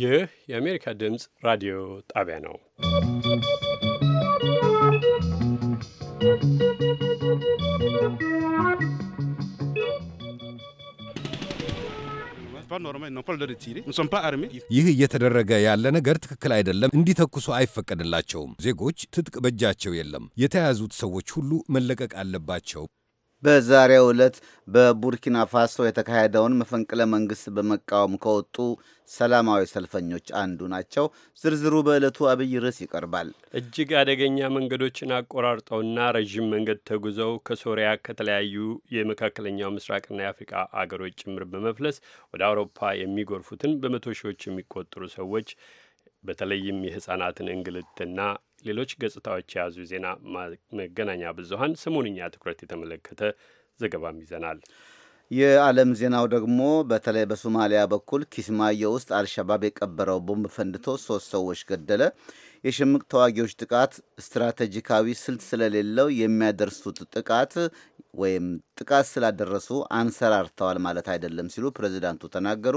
ይህ የአሜሪካ ድምፅ ራዲዮ ጣቢያ ነው። ይህ እየተደረገ ያለ ነገር ትክክል አይደለም። እንዲተኩሱ አይፈቀድላቸውም። ዜጎች ትጥቅ በእጃቸው የለም። የተያዙት ሰዎች ሁሉ መለቀቅ አለባቸው በዛሬው ዕለት በቡርኪና ፋሶ የተካሄደውን መፈንቅለ መንግስት በመቃወም ከወጡ ሰላማዊ ሰልፈኞች አንዱ ናቸው። ዝርዝሩ በዕለቱ አብይ ርዕስ ይቀርባል። እጅግ አደገኛ መንገዶችን አቆራርጠውና ረዥም መንገድ ተጉዘው ከሶሪያ ከተለያዩ የመካከለኛው ምስራቅና የአፍሪቃ አገሮች ጭምር በመፍለስ ወደ አውሮፓ የሚጎርፉትን በመቶ ሺዎች የሚቆጠሩ ሰዎች በተለይም የህጻናትን እንግልትና ሌሎች ገጽታዎች የያዙ ዜና መገናኛ ብዙሀን ሰሞንኛ ትኩረት የተመለከተ ዘገባም ይዘናል። የዓለም ዜናው ደግሞ በተለይ በሶማሊያ በኩል ኪስማዮ ውስጥ አልሸባብ የቀበረው ቦምብ ፈንድቶ ሶስት ሰዎች ገደለ። የሽምቅ ተዋጊዎች ጥቃት ስትራቴጂካዊ ስልት ስለሌለው የሚያደርሱት ጥቃት ወይም ጥቃት ስላደረሱ አንሰራርተዋል ማለት አይደለም ሲሉ ፕሬዚዳንቱ ተናገሩ።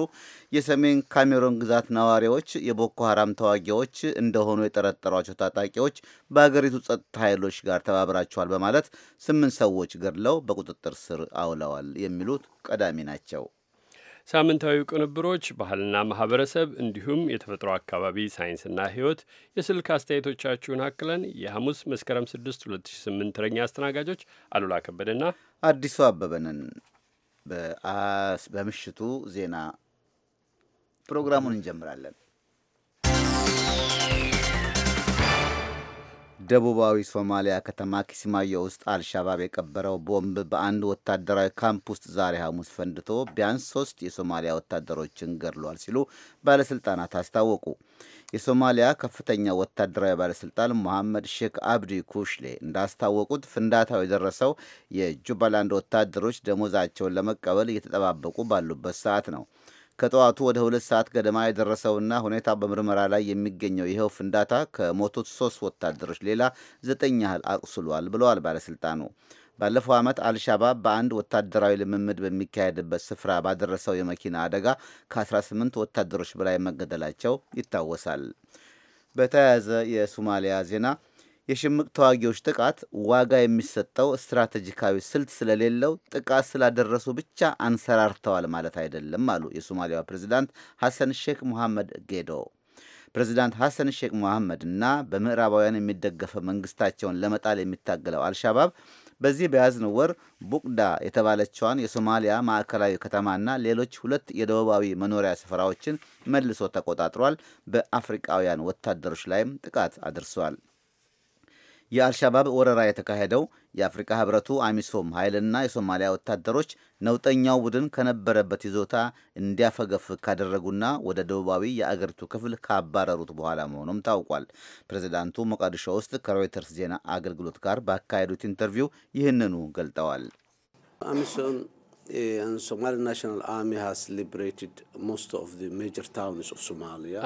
የሰሜን ካሜሮን ግዛት ነዋሪዎች የቦኮ ሀራም ተዋጊዎች እንደሆኑ የጠረጠሯቸው ታጣቂዎች በሀገሪቱ ጸጥታ ኃይሎች ጋር ተባብራቸዋል በማለት ስምንት ሰዎች ገድለው በቁጥጥር ስር አውለዋል የሚሉት ቀዳሚ ናቸው። ሳምንታዊ ቅንብሮች፣ ባህልና ማህበረሰብ እንዲሁም የተፈጥሮ አካባቢ፣ ሳይንስና ሕይወት የስልክ አስተያየቶቻችሁን አክለን የሐሙስ መስከረም 6 2008 ተረኛ አስተናጋጆች አሉላ ከበደና አዲሱ አበበንን በምሽቱ ዜና ፕሮግራሙን እንጀምራለን። ደቡባዊ ሶማሊያ ከተማ ኪስማዮ ውስጥ አልሻባብ የቀበረው ቦምብ በአንድ ወታደራዊ ካምፕ ውስጥ ዛሬ ሐሙስ ፈንድቶ ቢያንስ ሶስት የሶማሊያ ወታደሮችን ገድሏል ሲሉ ባለሥልጣናት አስታወቁ። የሶማሊያ ከፍተኛ ወታደራዊ ባለሥልጣን መሐመድ ሼክ አብዲ ኩሽሌ እንዳስታወቁት ፍንዳታው የደረሰው የጁባላንድ ወታደሮች ደሞዛቸውን ለመቀበል እየተጠባበቁ ባሉበት ሰዓት ነው። ከጠዋቱ ወደ ሁለት ሰዓት ገደማ የደረሰውና ሁኔታ በምርመራ ላይ የሚገኘው ይኸው ፍንዳታ ከሞቱት ሶስት ወታደሮች ሌላ ዘጠኝ ያህል አቁስሏል ብለዋል ባለስልጣኑ። ባለፈው ዓመት አልሻባብ በአንድ ወታደራዊ ልምምድ በሚካሄድበት ስፍራ ባደረሰው የመኪና አደጋ ከ18 ወታደሮች በላይ መገደላቸው ይታወሳል። በተያያዘ የሶማሊያ ዜና የሽምቅ ተዋጊዎች ጥቃት ዋጋ የሚሰጠው ስትራቴጂካዊ ስልት ስለሌለው ጥቃት ስላደረሱ ብቻ አንሰራርተዋል ማለት አይደለም አሉ የሶማሊያ ፕሬዚዳንት ሐሰን ሼክ ሙሐመድ ጌዶ። ፕሬዚዳንት ሐሰን ሼክ ሙሐመድ እና በምዕራባውያን የሚደገፈው መንግስታቸውን ለመጣል የሚታገለው አልሻባብ በዚህ በያዝነው ወር ቡቅዳ የተባለችዋን የሶማሊያ ማዕከላዊ ከተማና ሌሎች ሁለት የደቡባዊ መኖሪያ ስፍራዎችን መልሶ ተቆጣጥሯል። በአፍሪቃውያን ወታደሮች ላይም ጥቃት አድርሷል። የአልሻባብ ወረራ የተካሄደው የአፍሪካ ህብረቱ አሚሶም ኃይልና የሶማሊያ ወታደሮች ነውጠኛው ቡድን ከነበረበት ይዞታ እንዲያፈገፍ ካደረጉና ወደ ደቡባዊ የአገሪቱ ክፍል ካባረሩት በኋላ መሆኑም ታውቋል። ፕሬዚዳንቱ ሞቃዲሾ ውስጥ ከሮይተርስ ዜና አገልግሎት ጋር ባካሄዱት ኢንተርቪው ይህንኑ ገልጠዋል። አሚሶም and Somali National Army has liberated most of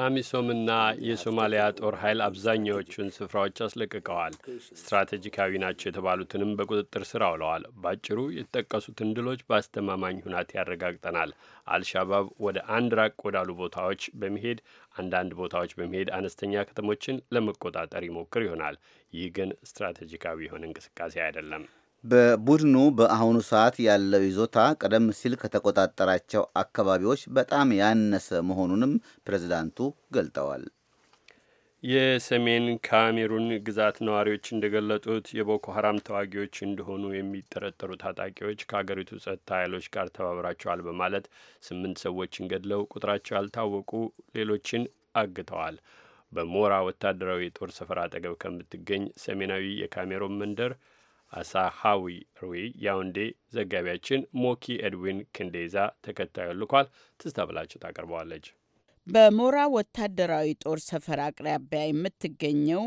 አሚሶምና የሶማሊያ ጦር ኃይል አብዛኛዎቹን ስፍራዎች አስለቅቀዋል። ስትራቴጂካዊ ናቸው የተባሉትንም በቁጥጥር ስር አውለዋል። ባጭሩ የተጠቀሱትን ድሎች በአስተማማኝ ሁናቴ ያረጋግጠናል። አልሻባብ ወደ አንድ ራቅ ወዳሉ ቦታዎች በመሄድ አንዳንድ ቦታዎች በመሄድ አነስተኛ ከተሞችን ለመቆጣጠር ይሞክር ይሆናል። ይህ ግን ስትራቴጂካዊ የሆነ እንቅስቃሴ አይደለም። በቡድኑ በአሁኑ ሰዓት ያለው ይዞታ ቀደም ሲል ከተቆጣጠራቸው አካባቢዎች በጣም ያነሰ መሆኑንም ፕሬዝዳንቱ ገልጠዋል። የሰሜን ካሜሩን ግዛት ነዋሪዎች እንደገለጡት የቦኮ ሀራም ተዋጊዎች እንደሆኑ የሚጠረጠሩ ታጣቂዎች ከሀገሪቱ ጸጥታ ኃይሎች ጋር ተባብራቸዋል በማለት ስምንት ሰዎችን ገድለው ቁጥራቸው ያልታወቁ ሌሎችን አግተዋል። በሞራ ወታደራዊ የጦር ሰፈር አጠገብ ከምትገኝ ሰሜናዊ የካሜሩን መንደር አሳሃዊ ሩይ ያውንዴ ዘጋቢያችን ሞኪ ኤድዊን ክንዴዛ ተከታዩ ልኳል። ትዝታ ብላችሁ ታቀርበዋለች። በሞራ ወታደራዊ ጦር ሰፈር አቅራቢያ የምትገኘው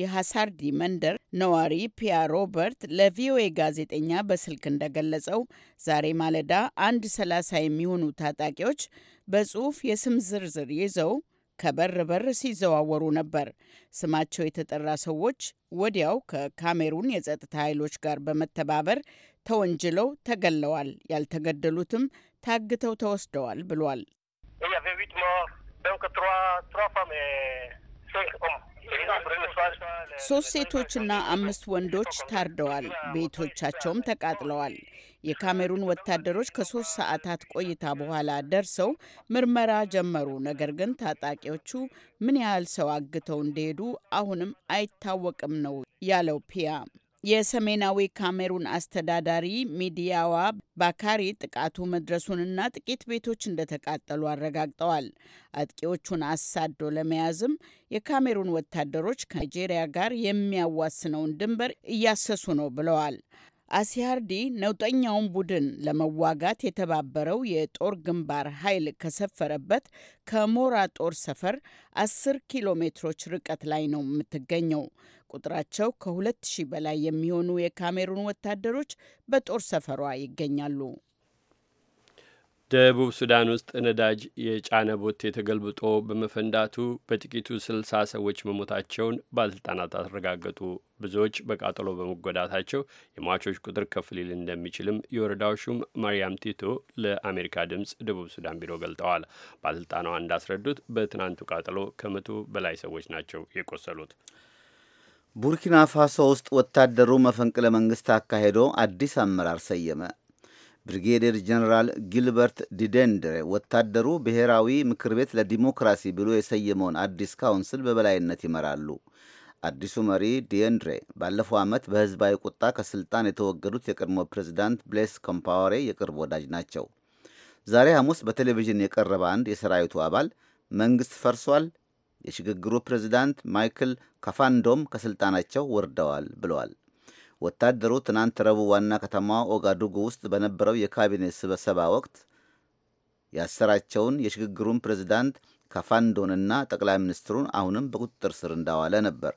የሐሳርዲ መንደር ነዋሪ ፒያ ሮበርት ለቪኦኤ ጋዜጠኛ በስልክ እንደገለጸው ዛሬ ማለዳ አንድ ሰላሳ የሚሆኑ ታጣቂዎች በጽሑፍ የስም ዝርዝር ይዘው ከበር በር ሲዘዋወሩ ነበር። ስማቸው የተጠራ ሰዎች ወዲያው ከካሜሩን የጸጥታ ኃይሎች ጋር በመተባበር ተወንጅለው ተገለዋል። ያልተገደሉትም ታግተው ተወስደዋል ብሏል። ሶስት ሴቶችና አምስት ወንዶች ታርደዋል። ቤቶቻቸውም ተቃጥለዋል። የካሜሩን ወታደሮች ከሶስት ሰዓታት ቆይታ በኋላ ደርሰው ምርመራ ጀመሩ። ነገር ግን ታጣቂዎቹ ምን ያህል ሰው አግተው እንደሄዱ አሁንም አይታወቅም ነው ያለው ፒያ። የሰሜናዊ ካሜሩን አስተዳዳሪ ሚዲያዋ ባካሪ ጥቃቱ መድረሱንና ጥቂት ቤቶች እንደተቃጠሉ አረጋግጠዋል። አጥቂዎቹን አሳዶ ለመያዝም የካሜሩን ወታደሮች ከናይጄሪያ ጋር የሚያዋስነውን ድንበር እያሰሱ ነው ብለዋል። አሲያርዲ ነውጠኛውን ቡድን ለመዋጋት የተባበረው የጦር ግንባር ኃይል ከሰፈረበት ከሞራ ጦር ሰፈር 10 ኪሎ ሜትሮች ርቀት ላይ ነው የምትገኘው። ቁጥራቸው ከ2000 በላይ የሚሆኑ የካሜሩን ወታደሮች በጦር ሰፈሯ ይገኛሉ። ደቡብ ሱዳን ውስጥ ነዳጅ የጫነ ቦቴ ተገልብጦ በመፈንዳቱ በጥቂቱ ስልሳ ሰዎች መሞታቸውን ባለሥልጣናት አረጋገጡ። ብዙዎች በቃጠሎ በመጎዳታቸው የሟቾች ቁጥር ከፍ ሊል እንደሚችልም የወረዳው ሹም ማርያም ቲቶ ለአሜሪካ ድምፅ ደቡብ ሱዳን ቢሮ ገልጠዋል። ባለሥልጣኗ እንዳስረዱት በትናንቱ ቃጠሎ ከመቶ በላይ ሰዎች ናቸው የቆሰሉት። ቡርኪና ፋሶ ውስጥ ወታደሩ መፈንቅለ መንግስት አካሄዶ አዲስ አመራር ሰየመ። ብሪጌዴር ጀነራል ጊልበርት ዲደንድሬ ወታደሩ ብሔራዊ ምክር ቤት ለዲሞክራሲ ብሎ የሰየመውን አዲስ ካውንስል በበላይነት ይመራሉ። አዲሱ መሪ ዲንድሬ ባለፈው ዓመት በሕዝባዊ ቁጣ ከስልጣን የተወገዱት የቀድሞ ፕሬዚዳንት ብሌስ ኮምፓወሬ የቅርብ ወዳጅ ናቸው። ዛሬ ሐሙስ በቴሌቪዥን የቀረበ አንድ የሰራዊቱ አባል መንግሥት ፈርሷል፣ የሽግግሩ ፕሬዚዳንት ማይክል ካፋንዶም ከስልጣናቸው ወርደዋል ብለዋል። ወታደሩ ትናንት ረቡዕ ዋና ከተማ ኦጋዱጉ ውስጥ በነበረው የካቢኔት ስብሰባ ወቅት ያሰራቸውን የሽግግሩን ፕሬዚዳንት ካፋንዶንና ጠቅላይ ሚኒስትሩን አሁንም በቁጥጥር ስር እንዳዋለ ነበር።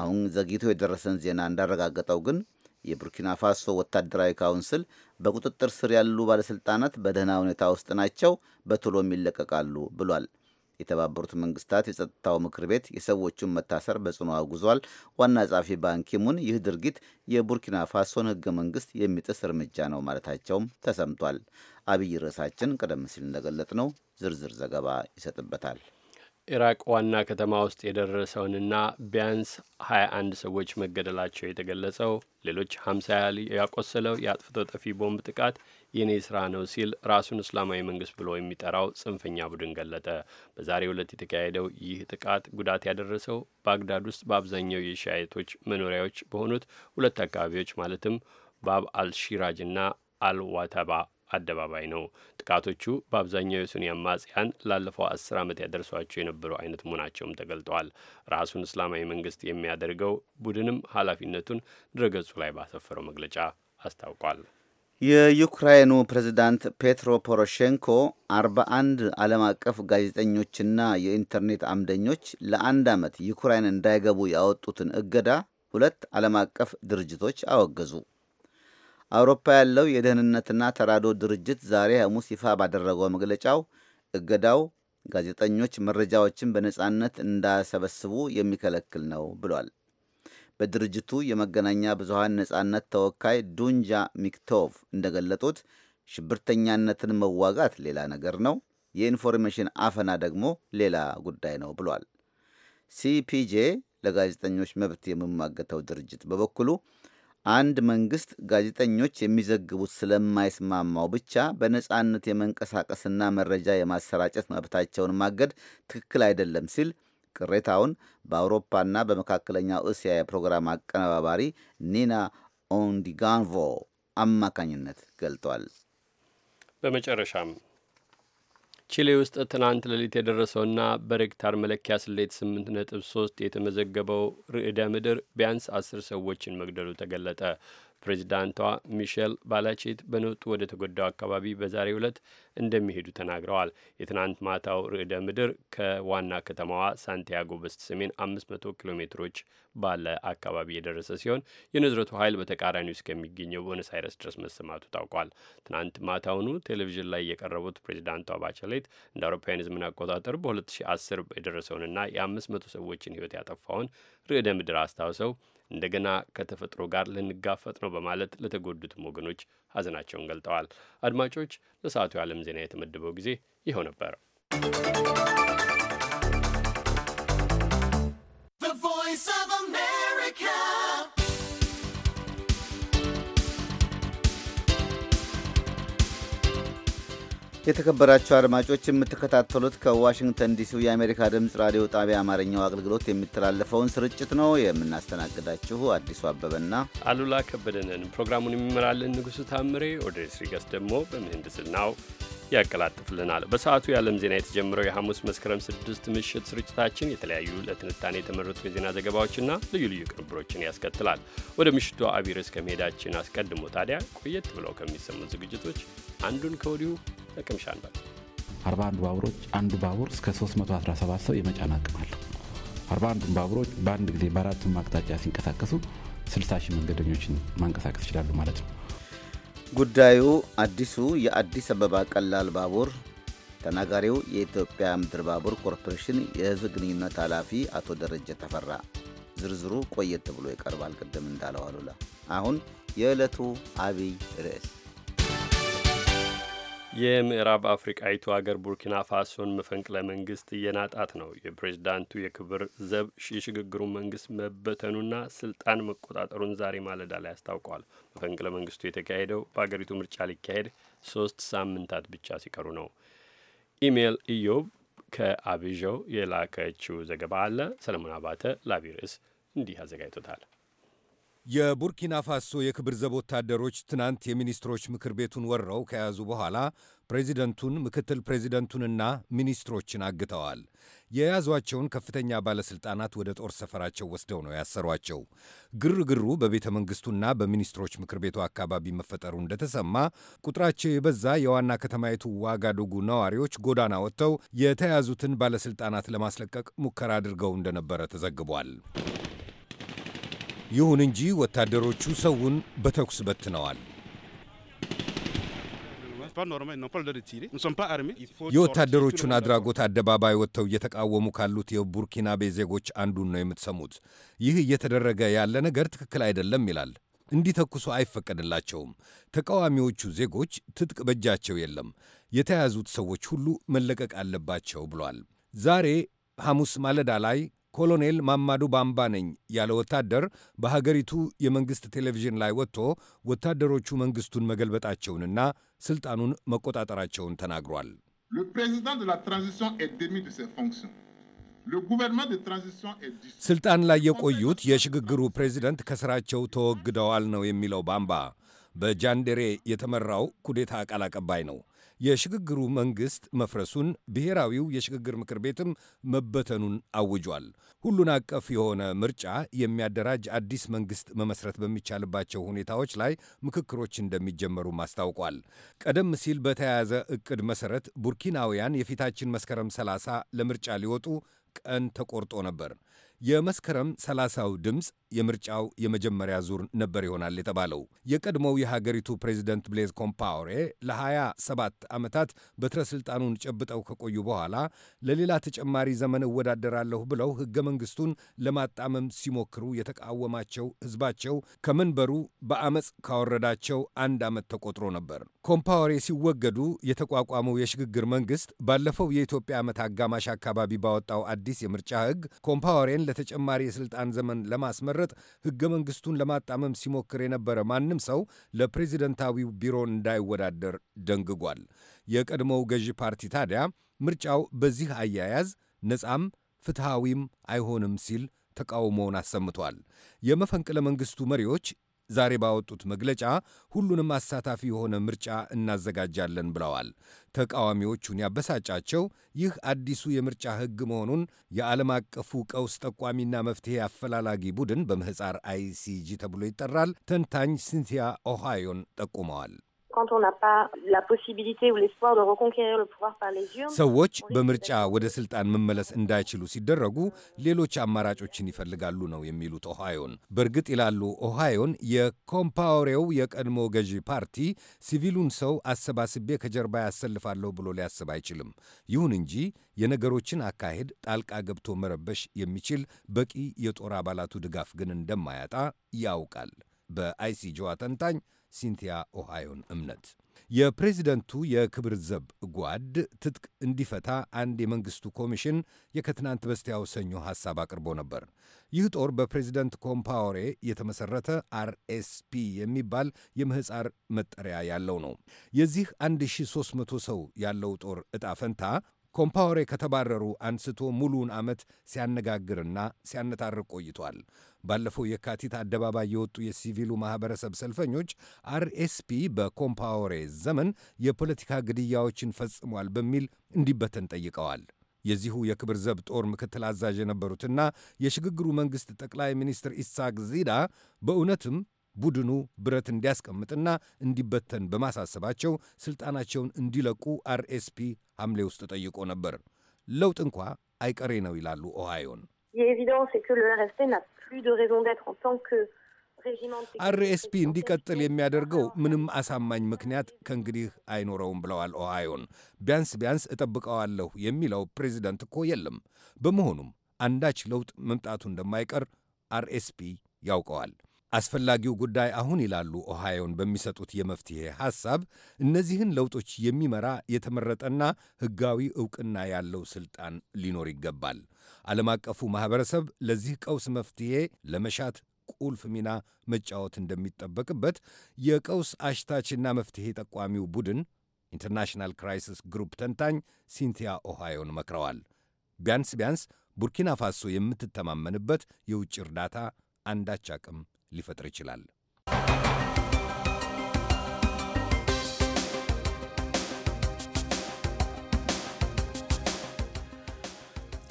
አሁን ዘግይቶ የደረሰን ዜና እንዳረጋገጠው ግን የቡርኪና ፋሶ ወታደራዊ ካውንስል በቁጥጥር ስር ያሉ ባለሥልጣናት በደህና ሁኔታ ውስጥ ናቸው፣ በቶሎም ይለቀቃሉ ብሏል። የተባበሩት መንግስታት የጸጥታው ምክር ቤት የሰዎቹን መታሰር በጽኑ አውግዟል። ዋና ጸሐፊ ባንኪሙን ይህ ድርጊት የቡርኪና ፋሶን ህገ መንግስት የሚጥስ እርምጃ ነው ማለታቸውም ተሰምቷል። አብይ ርዕሳችን ቀደም ሲል እንደገለጥ ነው ዝርዝር ዘገባ ይሰጥበታል። ኢራቅ ዋና ከተማ ውስጥ የደረሰውንና ቢያንስ 21 ሰዎች መገደላቸው የተገለጸው ሌሎች 50 ያህል ያቆሰለው የአጥፍቶ ጠፊ ቦምብ ጥቃት የኔ ስራ ነው ሲል ራሱን እስላማዊ መንግስት ብሎ የሚጠራው ጽንፈኛ ቡድን ገለጠ። በዛሬው ዕለት የተካሄደው ይህ ጥቃት ጉዳት ያደረሰው ባግዳድ ውስጥ በአብዛኛው የሻይቶች መኖሪያዎች በሆኑት ሁለት አካባቢዎች ማለትም ባብ አልሺራጅ እና አልዋተባ አደባባይ ነው። ጥቃቶቹ በአብዛኛው የሱኒ አማጽያን ላለፈው አስር ዓመት ያደርሷቸው የነበሩ አይነት መሆናቸውም ተገልጠዋል። ራሱን እስላማዊ መንግስት የሚያደርገው ቡድንም ኃላፊነቱን ድረገጹ ላይ ባሰፈረው መግለጫ አስታውቋል። የዩክራይኑ ፕሬዝዳንት ፔትሮ ፖሮሼንኮ 41 ዓለም አቀፍ ጋዜጠኞችና የኢንተርኔት አምደኞች ለአንድ ዓመት ዩክራይን እንዳይገቡ ያወጡትን እገዳ ሁለት ዓለም አቀፍ ድርጅቶች አወገዙ። አውሮፓ ያለው የደህንነትና ተራዶ ድርጅት ዛሬ ሐሙስ ይፋ ባደረገው መግለጫው እገዳው ጋዜጠኞች መረጃዎችን በነጻነት እንዳሰበስቡ የሚከለክል ነው ብሏል። በድርጅቱ የመገናኛ ብዙሃን ነጻነት ተወካይ ዱንጃ ሚክቶቭ እንደገለጡት ሽብርተኛነትን መዋጋት ሌላ ነገር ነው፣ የኢንፎርሜሽን አፈና ደግሞ ሌላ ጉዳይ ነው ብሏል። ሲፒጄ ለጋዜጠኞች መብት የሚሟገተው ድርጅት በበኩሉ አንድ መንግስት ጋዜጠኞች የሚዘግቡት ስለማይስማማው ብቻ በነጻነት የመንቀሳቀስና መረጃ የማሰራጨት መብታቸውን ማገድ ትክክል አይደለም ሲል ቅሬታውን በአውሮፓና በመካከለኛው እስያ የፕሮግራም አቀነባባሪ ኒና ኦንዲጋንቮ አማካኝነት ገልጧል። በመጨረሻም ቺሌ ውስጥ ትናንት ሌሊት የደረሰውና በሬክታር መለኪያ ስሌት 8.3 የተመዘገበው ርዕደ ምድር ቢያንስ አስር ሰዎችን መግደሉ ተገለጠ። ፕሬዚዳንቷ ሚሼል ባላቼት በነውጡ ወደ ተጎዳው አካባቢ በዛሬ ዕለት እንደሚሄዱ ተናግረዋል። የትናንት ማታው ርዕደ ምድር ከዋና ከተማዋ ሳንቲያጎ በስተ ሰሜን መቶ ኪሎ ሜትሮች ባለ አካባቢ የደረሰ ሲሆን የንዝረቱ ኃይል ውስጥ ከሚገኘው ቦነስ አይረስ ድረስ መሰማቱ ታውቋል። ትናንት ማታውኑ ቴሌቪዥን ላይ የቀረቡት ፕሬዚዳንቷ ባቸሌት እንደ አውሮፓውያን ዘመን አቆጣጠር በ2010 የደረሰውንና የ500 ሰዎችን ህይወት ያጠፋውን ርዕደ ምድር አስታውሰው እንደገና ከተፈጥሮ ጋር ልንጋፈጥ ነው በማለት ለተጎዱትም ወገኖች ሀዘናቸውን ገልጠዋል። አድማጮች፣ ለሰዓቱ የዓለም ዜና የተመደበው ጊዜ ይኸው ነበር። የተከበራቸው አድማጮች የምትከታተሉት ከዋሽንግተን ዲሲው የአሜሪካ ድምፅ ራዲዮ ጣቢያ አማርኛው አገልግሎት የሚተላለፈውን ስርጭት ነው። የምናስተናግዳችሁ አዲሱ አበበና አሉላ ከበደንን። ፕሮግራሙን የሚመራልን ንጉሱ ታምሬ፣ ወደ ስሪገስ ደግሞ በምህንድስናው ያቀላጥፍልናል። በሰዓቱ የዓለም ዜና የተጀመረው የሐሙስ መስከረም ስድስት ምሽት ስርጭታችን የተለያዩ ለትንታኔ የተመረጡ የዜና ዘገባዎችና ልዩ ልዩ ቅንብሮችን ያስከትላል። ወደ ምሽቱ አቢርስ ከመሄዳችን አስቀድሞ ታዲያ ቆየት ብለው ከሚሰሙ ዝግጅቶች አንዱን ከወዲሁ ቅምሻ ነበር። 41 ባቡሮች አንዱ ባቡር እስከ 317 ሰው የመጫን አቅም አለው። 41 ባቡሮች በአንድ ጊዜ በአራቱም አቅጣጫ ሲንቀሳቀሱ 60 ሺህ መንገደኞችን ማንቀሳቀስ ይችላሉ ማለት ነው። ጉዳዩ አዲሱ የአዲስ አበባ ቀላል ባቡር ተናጋሪው የኢትዮጵያ ምድር ባቡር ኮርፖሬሽን የህዝብ ግንኙነት ኃላፊ አቶ ደረጀ ተፈራ። ዝርዝሩ ቆየት ብሎ ይቀርባል። ቅድም እንዳለው አሉላ። አሁን የዕለቱ አብይ ርዕስ የምዕራብ አፍሪቃዊቱ አገር ቡርኪና ፋሶን መፈንቅለ መንግስት እየናጣት ነው። የፕሬዚዳንቱ የክብር ዘብ የሽግግሩ መንግስት መበተኑና ስልጣን መቆጣጠሩን ዛሬ ማለዳ ላይ አስታውቀዋል። መፈንቅለ መንግስቱ የተካሄደው በአገሪቱ ምርጫ ሊካሄድ ሶስት ሳምንታት ብቻ ሲቀሩ ነው። ኢሜይል ኢዮብ ከአብዣው የላከችው ዘገባ አለ። ሰለሞን አባተ ላቢ ርዕስ እንዲህ አዘጋጅቶታል። የቡርኪና ፋሶ የክብር ዘብ ወታደሮች ትናንት የሚኒስትሮች ምክር ቤቱን ወረው ከያዙ በኋላ ፕሬዚደንቱን፣ ምክትል ፕሬዚደንቱንና ሚኒስትሮችን አግተዋል። የያዟቸውን ከፍተኛ ባለሥልጣናት ወደ ጦር ሰፈራቸው ወስደው ነው ያሰሯቸው። ግርግሩ በቤተ መንግሥቱና በሚኒስትሮች ምክር ቤቱ አካባቢ መፈጠሩ እንደተሰማ ቁጥራቸው የበዛ የዋና ከተማይቱ ዋጋዱጉ ነዋሪዎች ጎዳና ወጥተው የተያዙትን ባለሥልጣናት ለማስለቀቅ ሙከራ አድርገው እንደነበረ ተዘግቧል። ይሁን እንጂ ወታደሮቹ ሰውን በተኩስ በትነዋል። የወታደሮቹን አድራጎት አደባባይ ወጥተው እየተቃወሙ ካሉት የቡርኪናቤ ዜጎች አንዱን ነው የምትሰሙት። ይህ እየተደረገ ያለ ነገር ትክክል አይደለም ይላል። እንዲተኩሱ አይፈቀድላቸውም። ተቃዋሚዎቹ ዜጎች ትጥቅ በእጃቸው የለም። የተያዙት ሰዎች ሁሉ መለቀቅ አለባቸው ብሏል። ዛሬ ሐሙስ ማለዳ ላይ ኮሎኔል ማማዱ ባምባ ነኝ ያለ ወታደር በሀገሪቱ የመንግሥት ቴሌቪዥን ላይ ወጥቶ ወታደሮቹ መንግሥቱን መገልበጣቸውንና ሥልጣኑን መቆጣጠራቸውን ተናግሯል። ስልጣን ላይ የቆዩት የሽግግሩ ፕሬዚደንት ከሥራቸው ተወግደዋል ነው የሚለው ባምባ በጃንዴሬ የተመራው ኩዴታ ቃል አቀባይ ነው። የሽግግሩ መንግሥት መፍረሱን፣ ብሔራዊው የሽግግር ምክር ቤትም መበተኑን አውጇል። ሁሉን አቀፍ የሆነ ምርጫ የሚያደራጅ አዲስ መንግሥት መመስረት በሚቻልባቸው ሁኔታዎች ላይ ምክክሮች እንደሚጀመሩም አስታውቋል። ቀደም ሲል በተያያዘ ዕቅድ መሠረት ቡርኪናውያን የፊታችን መስከረም 30 ለምርጫ ሊወጡ ቀን ተቆርጦ ነበር። የመስከረም 30ው ድምፅ የምርጫው የመጀመሪያ ዙር ነበር ይሆናል የተባለው። የቀድሞው የሀገሪቱ ፕሬዚደንት ብሌዝ ኮምፓውሬ ለ27 ዓመታት በትረ ስልጣኑን ጨብጠው ከቆዩ በኋላ ለሌላ ተጨማሪ ዘመን እወዳደራለሁ ብለው ሕገ መንግሥቱን ለማጣመም ሲሞክሩ የተቃወማቸው ሕዝባቸው ከመንበሩ በአመፅ ካወረዳቸው አንድ ዓመት ተቆጥሮ ነበር። ኮምፓውሬ ሲወገዱ የተቋቋመው የሽግግር መንግሥት ባለፈው የኢትዮጵያ ዓመት አጋማሽ አካባቢ ባወጣው አዲስ የምርጫ ሕግ ኮምፓውሬን ለተጨማሪ የሥልጣን ዘመን ለማስመር ሲመረጥ ሕገ መንግሥቱን ለማጣመም ሲሞክር የነበረ ማንም ሰው ለፕሬዚደንታዊው ቢሮ እንዳይወዳደር ደንግጓል። የቀድሞው ገዢ ፓርቲ ታዲያ ምርጫው በዚህ አያያዝ ነፃም ፍትሐዊም አይሆንም ሲል ተቃውሞውን አሰምቷል። የመፈንቅለ መንግሥቱ መሪዎች ዛሬ ባወጡት መግለጫ ሁሉንም አሳታፊ የሆነ ምርጫ እናዘጋጃለን ብለዋል። ተቃዋሚዎቹን ያበሳጫቸው ይህ አዲሱ የምርጫ ሕግ መሆኑን የዓለም አቀፉ ቀውስ ጠቋሚና መፍትሄ አፈላላጊ ቡድን በምህፃር አይሲጂ ተብሎ ይጠራል ተንታኝ ሲንቲያ ኦሃዮን ጠቁመዋል። quand on n'a pas la possibilité ou l'espoir de reconquérir le pouvoir par les urnes ሰዎች በምርጫ ወደ ስልጣን መመለስ እንዳይችሉ ሲደረጉ ሌሎች አማራጮችን ይፈልጋሉ ነው የሚሉት ኦሃዮን። በእርግጥ ይላሉ ኦሃዮን፣ የኮምፓወሬው የቀድሞ ገዢ ፓርቲ ሲቪሉን ሰው አሰባስቤ ከጀርባ ያሰልፋለሁ ብሎ ሊያስብ አይችልም። ይሁን እንጂ የነገሮችን አካሄድ ጣልቃ ገብቶ መረበሽ የሚችል በቂ የጦር አባላቱ ድጋፍ ግን እንደማያጣ ያውቃል። በአይሲጂዋ ተንታኝ ሲንቲያ ኦሃዮን እምነት የፕሬዚደንቱ የክብር ዘብ ጓድ ትጥቅ እንዲፈታ አንድ የመንግስቱ ኮሚሽን የከትናንት በስቲያው ሰኞ ሐሳብ አቅርቦ ነበር። ይህ ጦር በፕሬዚደንት ኮምፓወሬ የተመሠረተ አርኤስፒ የሚባል የምህፃር መጠሪያ ያለው ነው። የዚህ 1300 ሰው ያለው ጦር ዕጣ ፈንታ ኮምፓወሬ ከተባረሩ አንስቶ ሙሉውን ዓመት ሲያነጋግርና ሲያነታርቅ ቆይቷል። ባለፈው የካቲት አደባባይ የወጡ የሲቪሉ ማህበረሰብ ሰልፈኞች አርኤስፒ በኮምፓወሬ ዘመን የፖለቲካ ግድያዎችን ፈጽሟል በሚል እንዲበተን ጠይቀዋል። የዚሁ የክብር ዘብ ጦር ምክትል አዛዥ የነበሩትና የሽግግሩ መንግሥት ጠቅላይ ሚኒስትር ኢሳቅ ዚዳ በእውነትም ቡድኑ ብረት እንዲያስቀምጥና እንዲበተን በማሳሰባቸው ሥልጣናቸውን እንዲለቁ አርኤስፒ ሐምሌ ውስጥ ጠይቆ ነበር። ለውጥ እንኳ አይቀሬ ነው ይላሉ ኦሃዮን አርኤስፒ እንዲቀጥል የሚያደርገው ምንም አሳማኝ ምክንያት ከእንግዲህ አይኖረውም ብለዋል። ኦሃዮን ቢያንስ ቢያንስ እጠብቀዋለሁ የሚለው ፕሬዚደንት እኮ የለም። በመሆኑም አንዳች ለውጥ መምጣቱ እንደማይቀር አርኤስፒ ያውቀዋል። አስፈላጊው ጉዳይ አሁን ይላሉ ኦሃዮን በሚሰጡት የመፍትሄ ሐሳብ እነዚህን ለውጦች የሚመራ የተመረጠና ሕጋዊ ዕውቅና ያለው ሥልጣን ሊኖር ይገባል። ዓለም አቀፉ ማኅበረሰብ ለዚህ ቀውስ መፍትሔ ለመሻት ቁልፍ ሚና መጫወት እንደሚጠበቅበት የቀውስ አሽታችና መፍትሄ ጠቋሚው ቡድን ኢንተርናሽናል ክራይሲስ ግሩፕ ተንታኝ ሲንቲያ ኦሃዮን መክረዋል። ቢያንስ ቢያንስ ቡርኪና ፋሶ የምትተማመንበት የውጭ እርዳታ አንዳች አቅም ሊፈጥር ይችላል።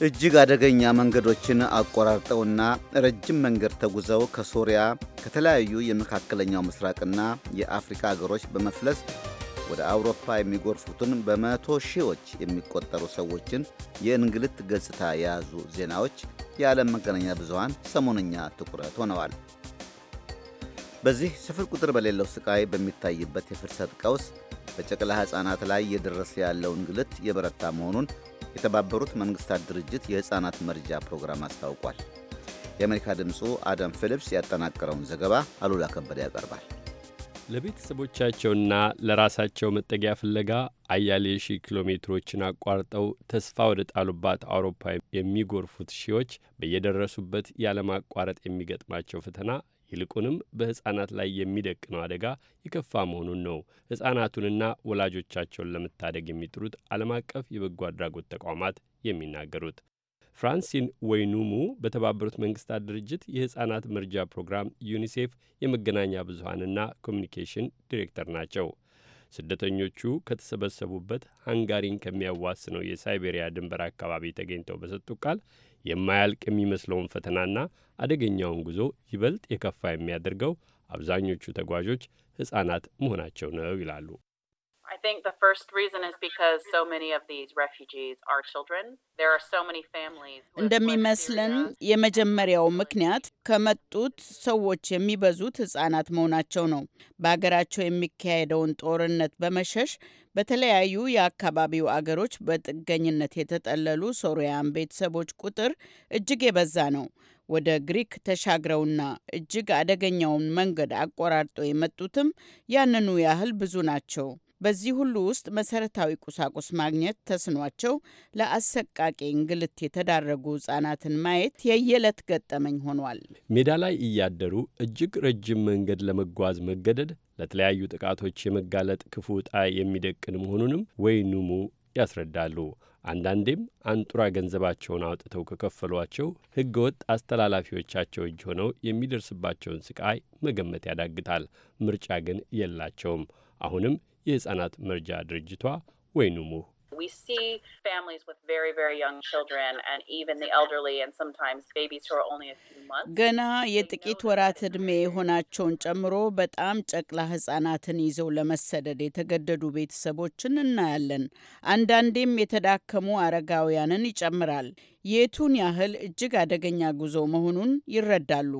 እጅግ አደገኛ መንገዶችን አቆራርጠውና ረጅም መንገድ ተጉዘው ከሶሪያ ከተለያዩ የመካከለኛው ምስራቅና የአፍሪካ አገሮች በመፍለስ ወደ አውሮፓ የሚጎርፉትን በመቶ ሺዎች የሚቆጠሩ ሰዎችን የእንግልት ገጽታ የያዙ ዜናዎች የዓለም መገናኛ ብዙሃን ሰሞነኛ ትኩረት ሆነዋል። በዚህ ስፍር ቁጥር በሌለው ስቃይ በሚታይበት የፍልሰት ቀውስ በጨቅላ ሕፃናት ላይ እየደረሰ ያለውን ግልት የበረታ መሆኑን የተባበሩት መንግስታት ድርጅት የሕፃናት መርጃ ፕሮግራም አስታውቋል። የአሜሪካ ድምፁ አደም ፊሊፕስ ያጠናቀረውን ዘገባ አሉላ ከበደ ያቀርባል። ለቤተሰቦቻቸውና ለራሳቸው መጠጊያ ፍለጋ አያሌ ሺህ ኪሎ ሜትሮችን አቋርጠው ተስፋ ወደ ጣሉባት አውሮፓ የሚጎርፉት ሺዎች በየደረሱበት ያለማቋረጥ የሚገጥማቸው ፈተና ይልቁንም በሕፃናት ላይ የሚደቅነው አደጋ የከፋ መሆኑን ነው ሕፃናቱንና ወላጆቻቸውን ለመታደግ የሚጥሩት ዓለም አቀፍ የበጎ አድራጎት ተቋማት የሚናገሩት። ፍራንሲን ወይኑሙ በተባበሩት መንግስታት ድርጅት የሕፃናት መርጃ ፕሮግራም ዩኒሴፍ የመገናኛ ብዙኃንና ኮሚኒኬሽን ዲሬክተር ናቸው። ስደተኞቹ ከተሰበሰቡበት ሃንጋሪን ከሚያዋስነው የሳይቤሪያ ድንበር አካባቢ ተገኝተው በሰጡ ቃል የማያልቅ የሚመስለውን ፈተናና አደገኛውን ጉዞ ይበልጥ የከፋ የሚያደርገው አብዛኞቹ ተጓዦች ሕፃናት መሆናቸው ነው ይላሉ። እንደሚመስለን የመጀመሪያው ምክንያት ከመጡት ሰዎች የሚበዙት ህጻናት መሆናቸው ነው። በሀገራቸው የሚካሄደውን ጦርነት በመሸሽ በተለያዩ የአካባቢው አገሮች በጥገኝነት የተጠለሉ ሶሪያን ቤተሰቦች ቁጥር እጅግ የበዛ ነው። ወደ ግሪክ ተሻግረውና እጅግ አደገኛውን መንገድ አቆራርጦ የመጡትም ያንኑ ያህል ብዙ ናቸው። በዚህ ሁሉ ውስጥ መሰረታዊ ቁሳቁስ ማግኘት ተስኗቸው ለአሰቃቂ እንግልት የተዳረጉ ህጻናትን ማየት የየዕለት ገጠመኝ ሆኗል። ሜዳ ላይ እያደሩ እጅግ ረጅም መንገድ ለመጓዝ መገደድ ለተለያዩ ጥቃቶች የመጋለጥ ክፉ ዕጣ የሚደቅን መሆኑንም ወይኑሙ ያስረዳሉ። አንዳንዴም አንጡራ ገንዘባቸውን አውጥተው ከከፈሏቸው ሕገ ወጥ አስተላላፊዎቻቸው እጅ ሆነው የሚደርስባቸውን ስቃይ መገመት ያዳግታል። ምርጫ ግን የላቸውም። አሁንም የሕፃናት መርጃ ድርጅቷ ወይኑሙህ we see families with very, very young children and even the elderly and sometimes babies who are only a few months. ገና የጥቂት ወራት እድሜ የሆናቸውን ጨምሮ በጣም ጨቅላ ሕጻናትን ይዘው ለመሰደድ የተገደዱ ቤተሰቦችን እናያለን። አንዳንዴም የተዳከሙ አረጋውያንን ይጨምራል። የቱን ያህል እጅግ አደገኛ ጉዞ መሆኑን ይረዳሉ።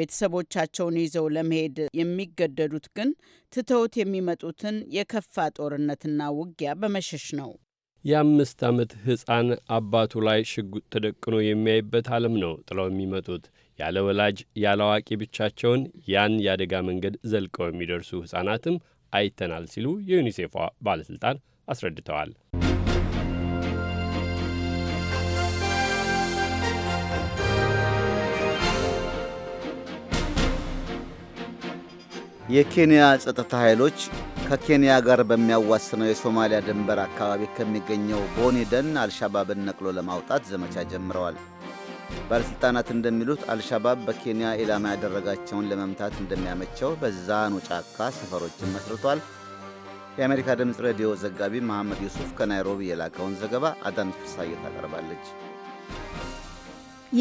ቤተሰቦቻቸውን ይዘው ለመሄድ የሚገደዱት ግን ትተውት የሚመጡትን የከፋ ጦርነትና ውጊያ በመሸሽ ነው። የአምስት ዓመት ሕፃን አባቱ ላይ ሽጉጥ ተደቅኖ የሚያይበት ዓለም ነው ጥለው የሚመጡት ያለ ወላጅ ያለ አዋቂ ብቻቸውን ያን የአደጋ መንገድ ዘልቀው የሚደርሱ ሕፃናትም አይተናል ሲሉ የዩኒሴፏ ባለሥልጣን አስረድተዋል። የኬንያ ጸጥታ ኃይሎች ከኬንያ ጋር በሚያዋስነው የሶማሊያ ድንበር አካባቢ ከሚገኘው ቦኒ ደን አልሻባብን ነቅሎ ለማውጣት ዘመቻ ጀምረዋል። ባለሥልጣናት እንደሚሉት አልሻባብ በኬንያ ኢላማ ያደረጋቸውን ለመምታት እንደሚያመቸው በዛኑ ጫካ ሰፈሮችን መስርቷል። የአሜሪካ ድምፅ ሬዲዮ ዘጋቢ መሐመድ ዩሱፍ ከናይሮቢ የላከውን ዘገባ አዳነች ፍሳዬ ታቀርባለች።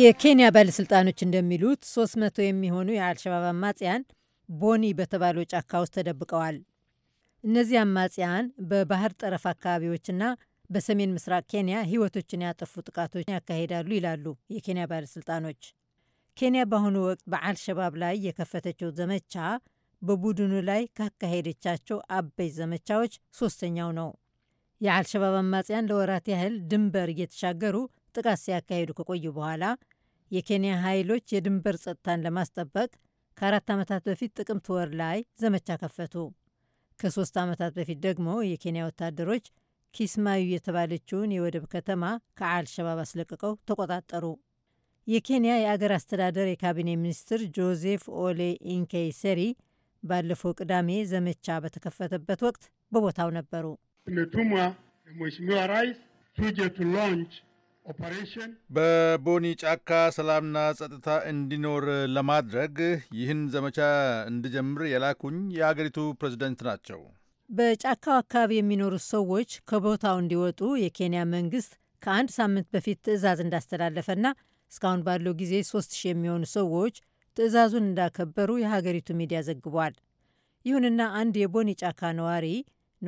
የኬንያ ባለሥልጣኖች እንደሚሉት 300 የሚሆኑ የአልሸባብ አማጽያን ቦኒ በተባለው ጫካ ውስጥ ተደብቀዋል። እነዚህ አማጽያን በባህር ጠረፍ አካባቢዎችና በሰሜን ምስራቅ ኬንያ ህይወቶችን ያጠፉ ጥቃቶች ያካሂዳሉ ይላሉ የኬንያ ባለሥልጣኖች። ኬንያ በአሁኑ ወቅት በአልሸባብ ላይ የከፈተችው ዘመቻ በቡድኑ ላይ ካካሄደቻቸው አበይ ዘመቻዎች ሶስተኛው ነው። የአልሸባብ አማጽያን ለወራት ያህል ድንበር እየተሻገሩ ጥቃት ሲያካሄዱ ከቆዩ በኋላ የኬንያ ኃይሎች የድንበር ጸጥታን ለማስጠበቅ ከአራት ዓመታት በፊት ጥቅምት ወር ላይ ዘመቻ ከፈቱ። ከሶስት ዓመታት በፊት ደግሞ የኬንያ ወታደሮች ኪስማዩ የተባለችውን የወደብ ከተማ ከአልሸባብ አስለቅቀው ተቆጣጠሩ። የኬንያ የአገር አስተዳደር የካቢኔ ሚኒስትር ጆዜፍ ኦሌ ሰሪ ባለፈው ቅዳሜ ዘመቻ በተከፈተበት ወቅት በቦታው ነበሩ። በቦኒ ጫካ ሰላምና ጸጥታ እንዲኖር ለማድረግ ይህን ዘመቻ እንድጀምር የላኩኝ የአገሪቱ ፕሬዝደንት ናቸው። በጫካው አካባቢ የሚኖሩት ሰዎች ከቦታው እንዲወጡ የኬንያ መንግስት ከአንድ ሳምንት በፊት ትዕዛዝ እንዳስተላለፈና እስካሁን ባለው ጊዜ ሺህ የሚሆኑ ሰዎች ትዕዛዙን እንዳከበሩ የሀገሪቱ ሚዲያ ዘግቧል። ይሁንና አንድ የቦኒ ጫካ ነዋሪ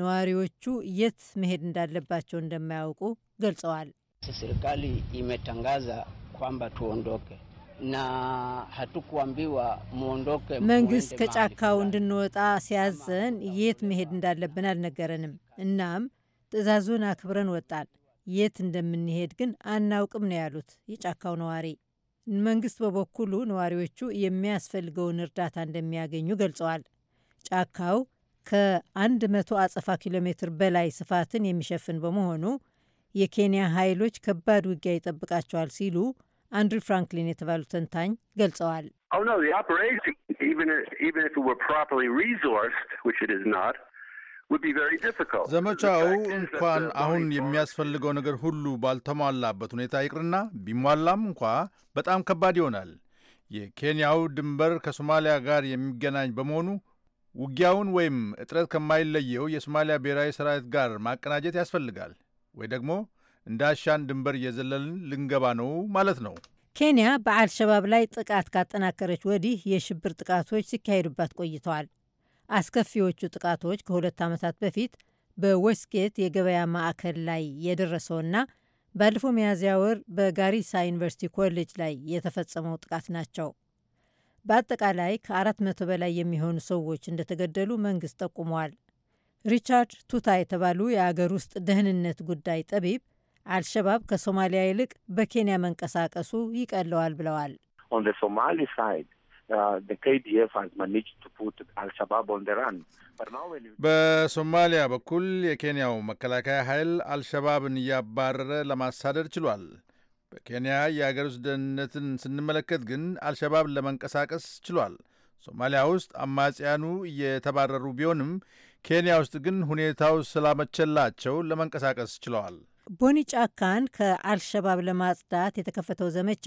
ነዋሪዎቹ የት መሄድ እንዳለባቸው እንደማያውቁ ገልጸዋል። serikali imetangaza kwamba tuondoke na hatukuambiwa muondoke. መንግስት ከጫካው እንድንወጣ ሲያዘን የት መሄድ እንዳለብን አልነገረንም። እናም ትዕዛዙን አክብረን ወጣን። የት እንደምንሄድ ግን አናውቅም ነው ያሉት የጫካው ነዋሪ። መንግስት በበኩሉ ነዋሪዎቹ የሚያስፈልገውን እርዳታ እንደሚያገኙ ገልጸዋል። ጫካው ከ100 አጽፋ ኪሎ ሜትር በላይ ስፋትን የሚሸፍን በመሆኑ የኬንያ ኃይሎች ከባድ ውጊያ ይጠብቃቸዋል ሲሉ አንድሪው ፍራንክሊን የተባሉ ተንታኝ ገልጸዋል። oh, ዘመቻው እንኳን አሁን የሚያስፈልገው ነገር ሁሉ ባልተሟላበት ሁኔታ ይቅርና ቢሟላም እንኳ በጣም ከባድ ይሆናል። የኬንያው ድንበር ከሶማሊያ ጋር የሚገናኝ በመሆኑ ውጊያውን ወይም እጥረት ከማይለየው የሶማሊያ ብሔራዊ ሰራዊት ጋር ማቀናጀት ያስፈልጋል። ወይ ደግሞ እንደ ድንበር እየዘለልን ልንገባ ነው ማለት ነው። ኬንያ በአልሸባብ ላይ ጥቃት ካጠናከረች ወዲህ የሽብር ጥቃቶች ሲካሄዱባት ቆይተዋል። አስከፊዎቹ ጥቃቶች ከሁለት ዓመታት በፊት በዌስትጌት የገበያ ማዕከል ላይ የደረሰውና ባለፈው ሚያዝያ ወር በጋሪሳ ዩኒቨርሲቲ ኮሌጅ ላይ የተፈጸመው ጥቃት ናቸው። በአጠቃላይ ከአራት መቶ በላይ የሚሆኑ ሰዎች እንደተገደሉ መንግሥት ጠቁመዋል። ሪቻርድ ቱታ የተባሉ የአገር ውስጥ ደህንነት ጉዳይ ጠቢብ አልሸባብ ከሶማሊያ ይልቅ በኬንያ መንቀሳቀሱ ይቀለዋል ብለዋል። uh, በሶማሊያ በኩል የኬንያው መከላከያ ኃይል አልሸባብን እያባረረ ለማሳደድ ችሏል። በኬንያ የአገር ውስጥ ደህንነትን ስንመለከት ግን አልሸባብን ለመንቀሳቀስ ችሏል። ሶማሊያ ውስጥ አማጽያኑ እየተባረሩ ቢሆንም ኬንያ ውስጥ ግን ሁኔታው ስላመቸላቸው ለመንቀሳቀስ ችለዋል። ቦኒ ጫካን ከአልሸባብ ለማጽዳት የተከፈተው ዘመቻ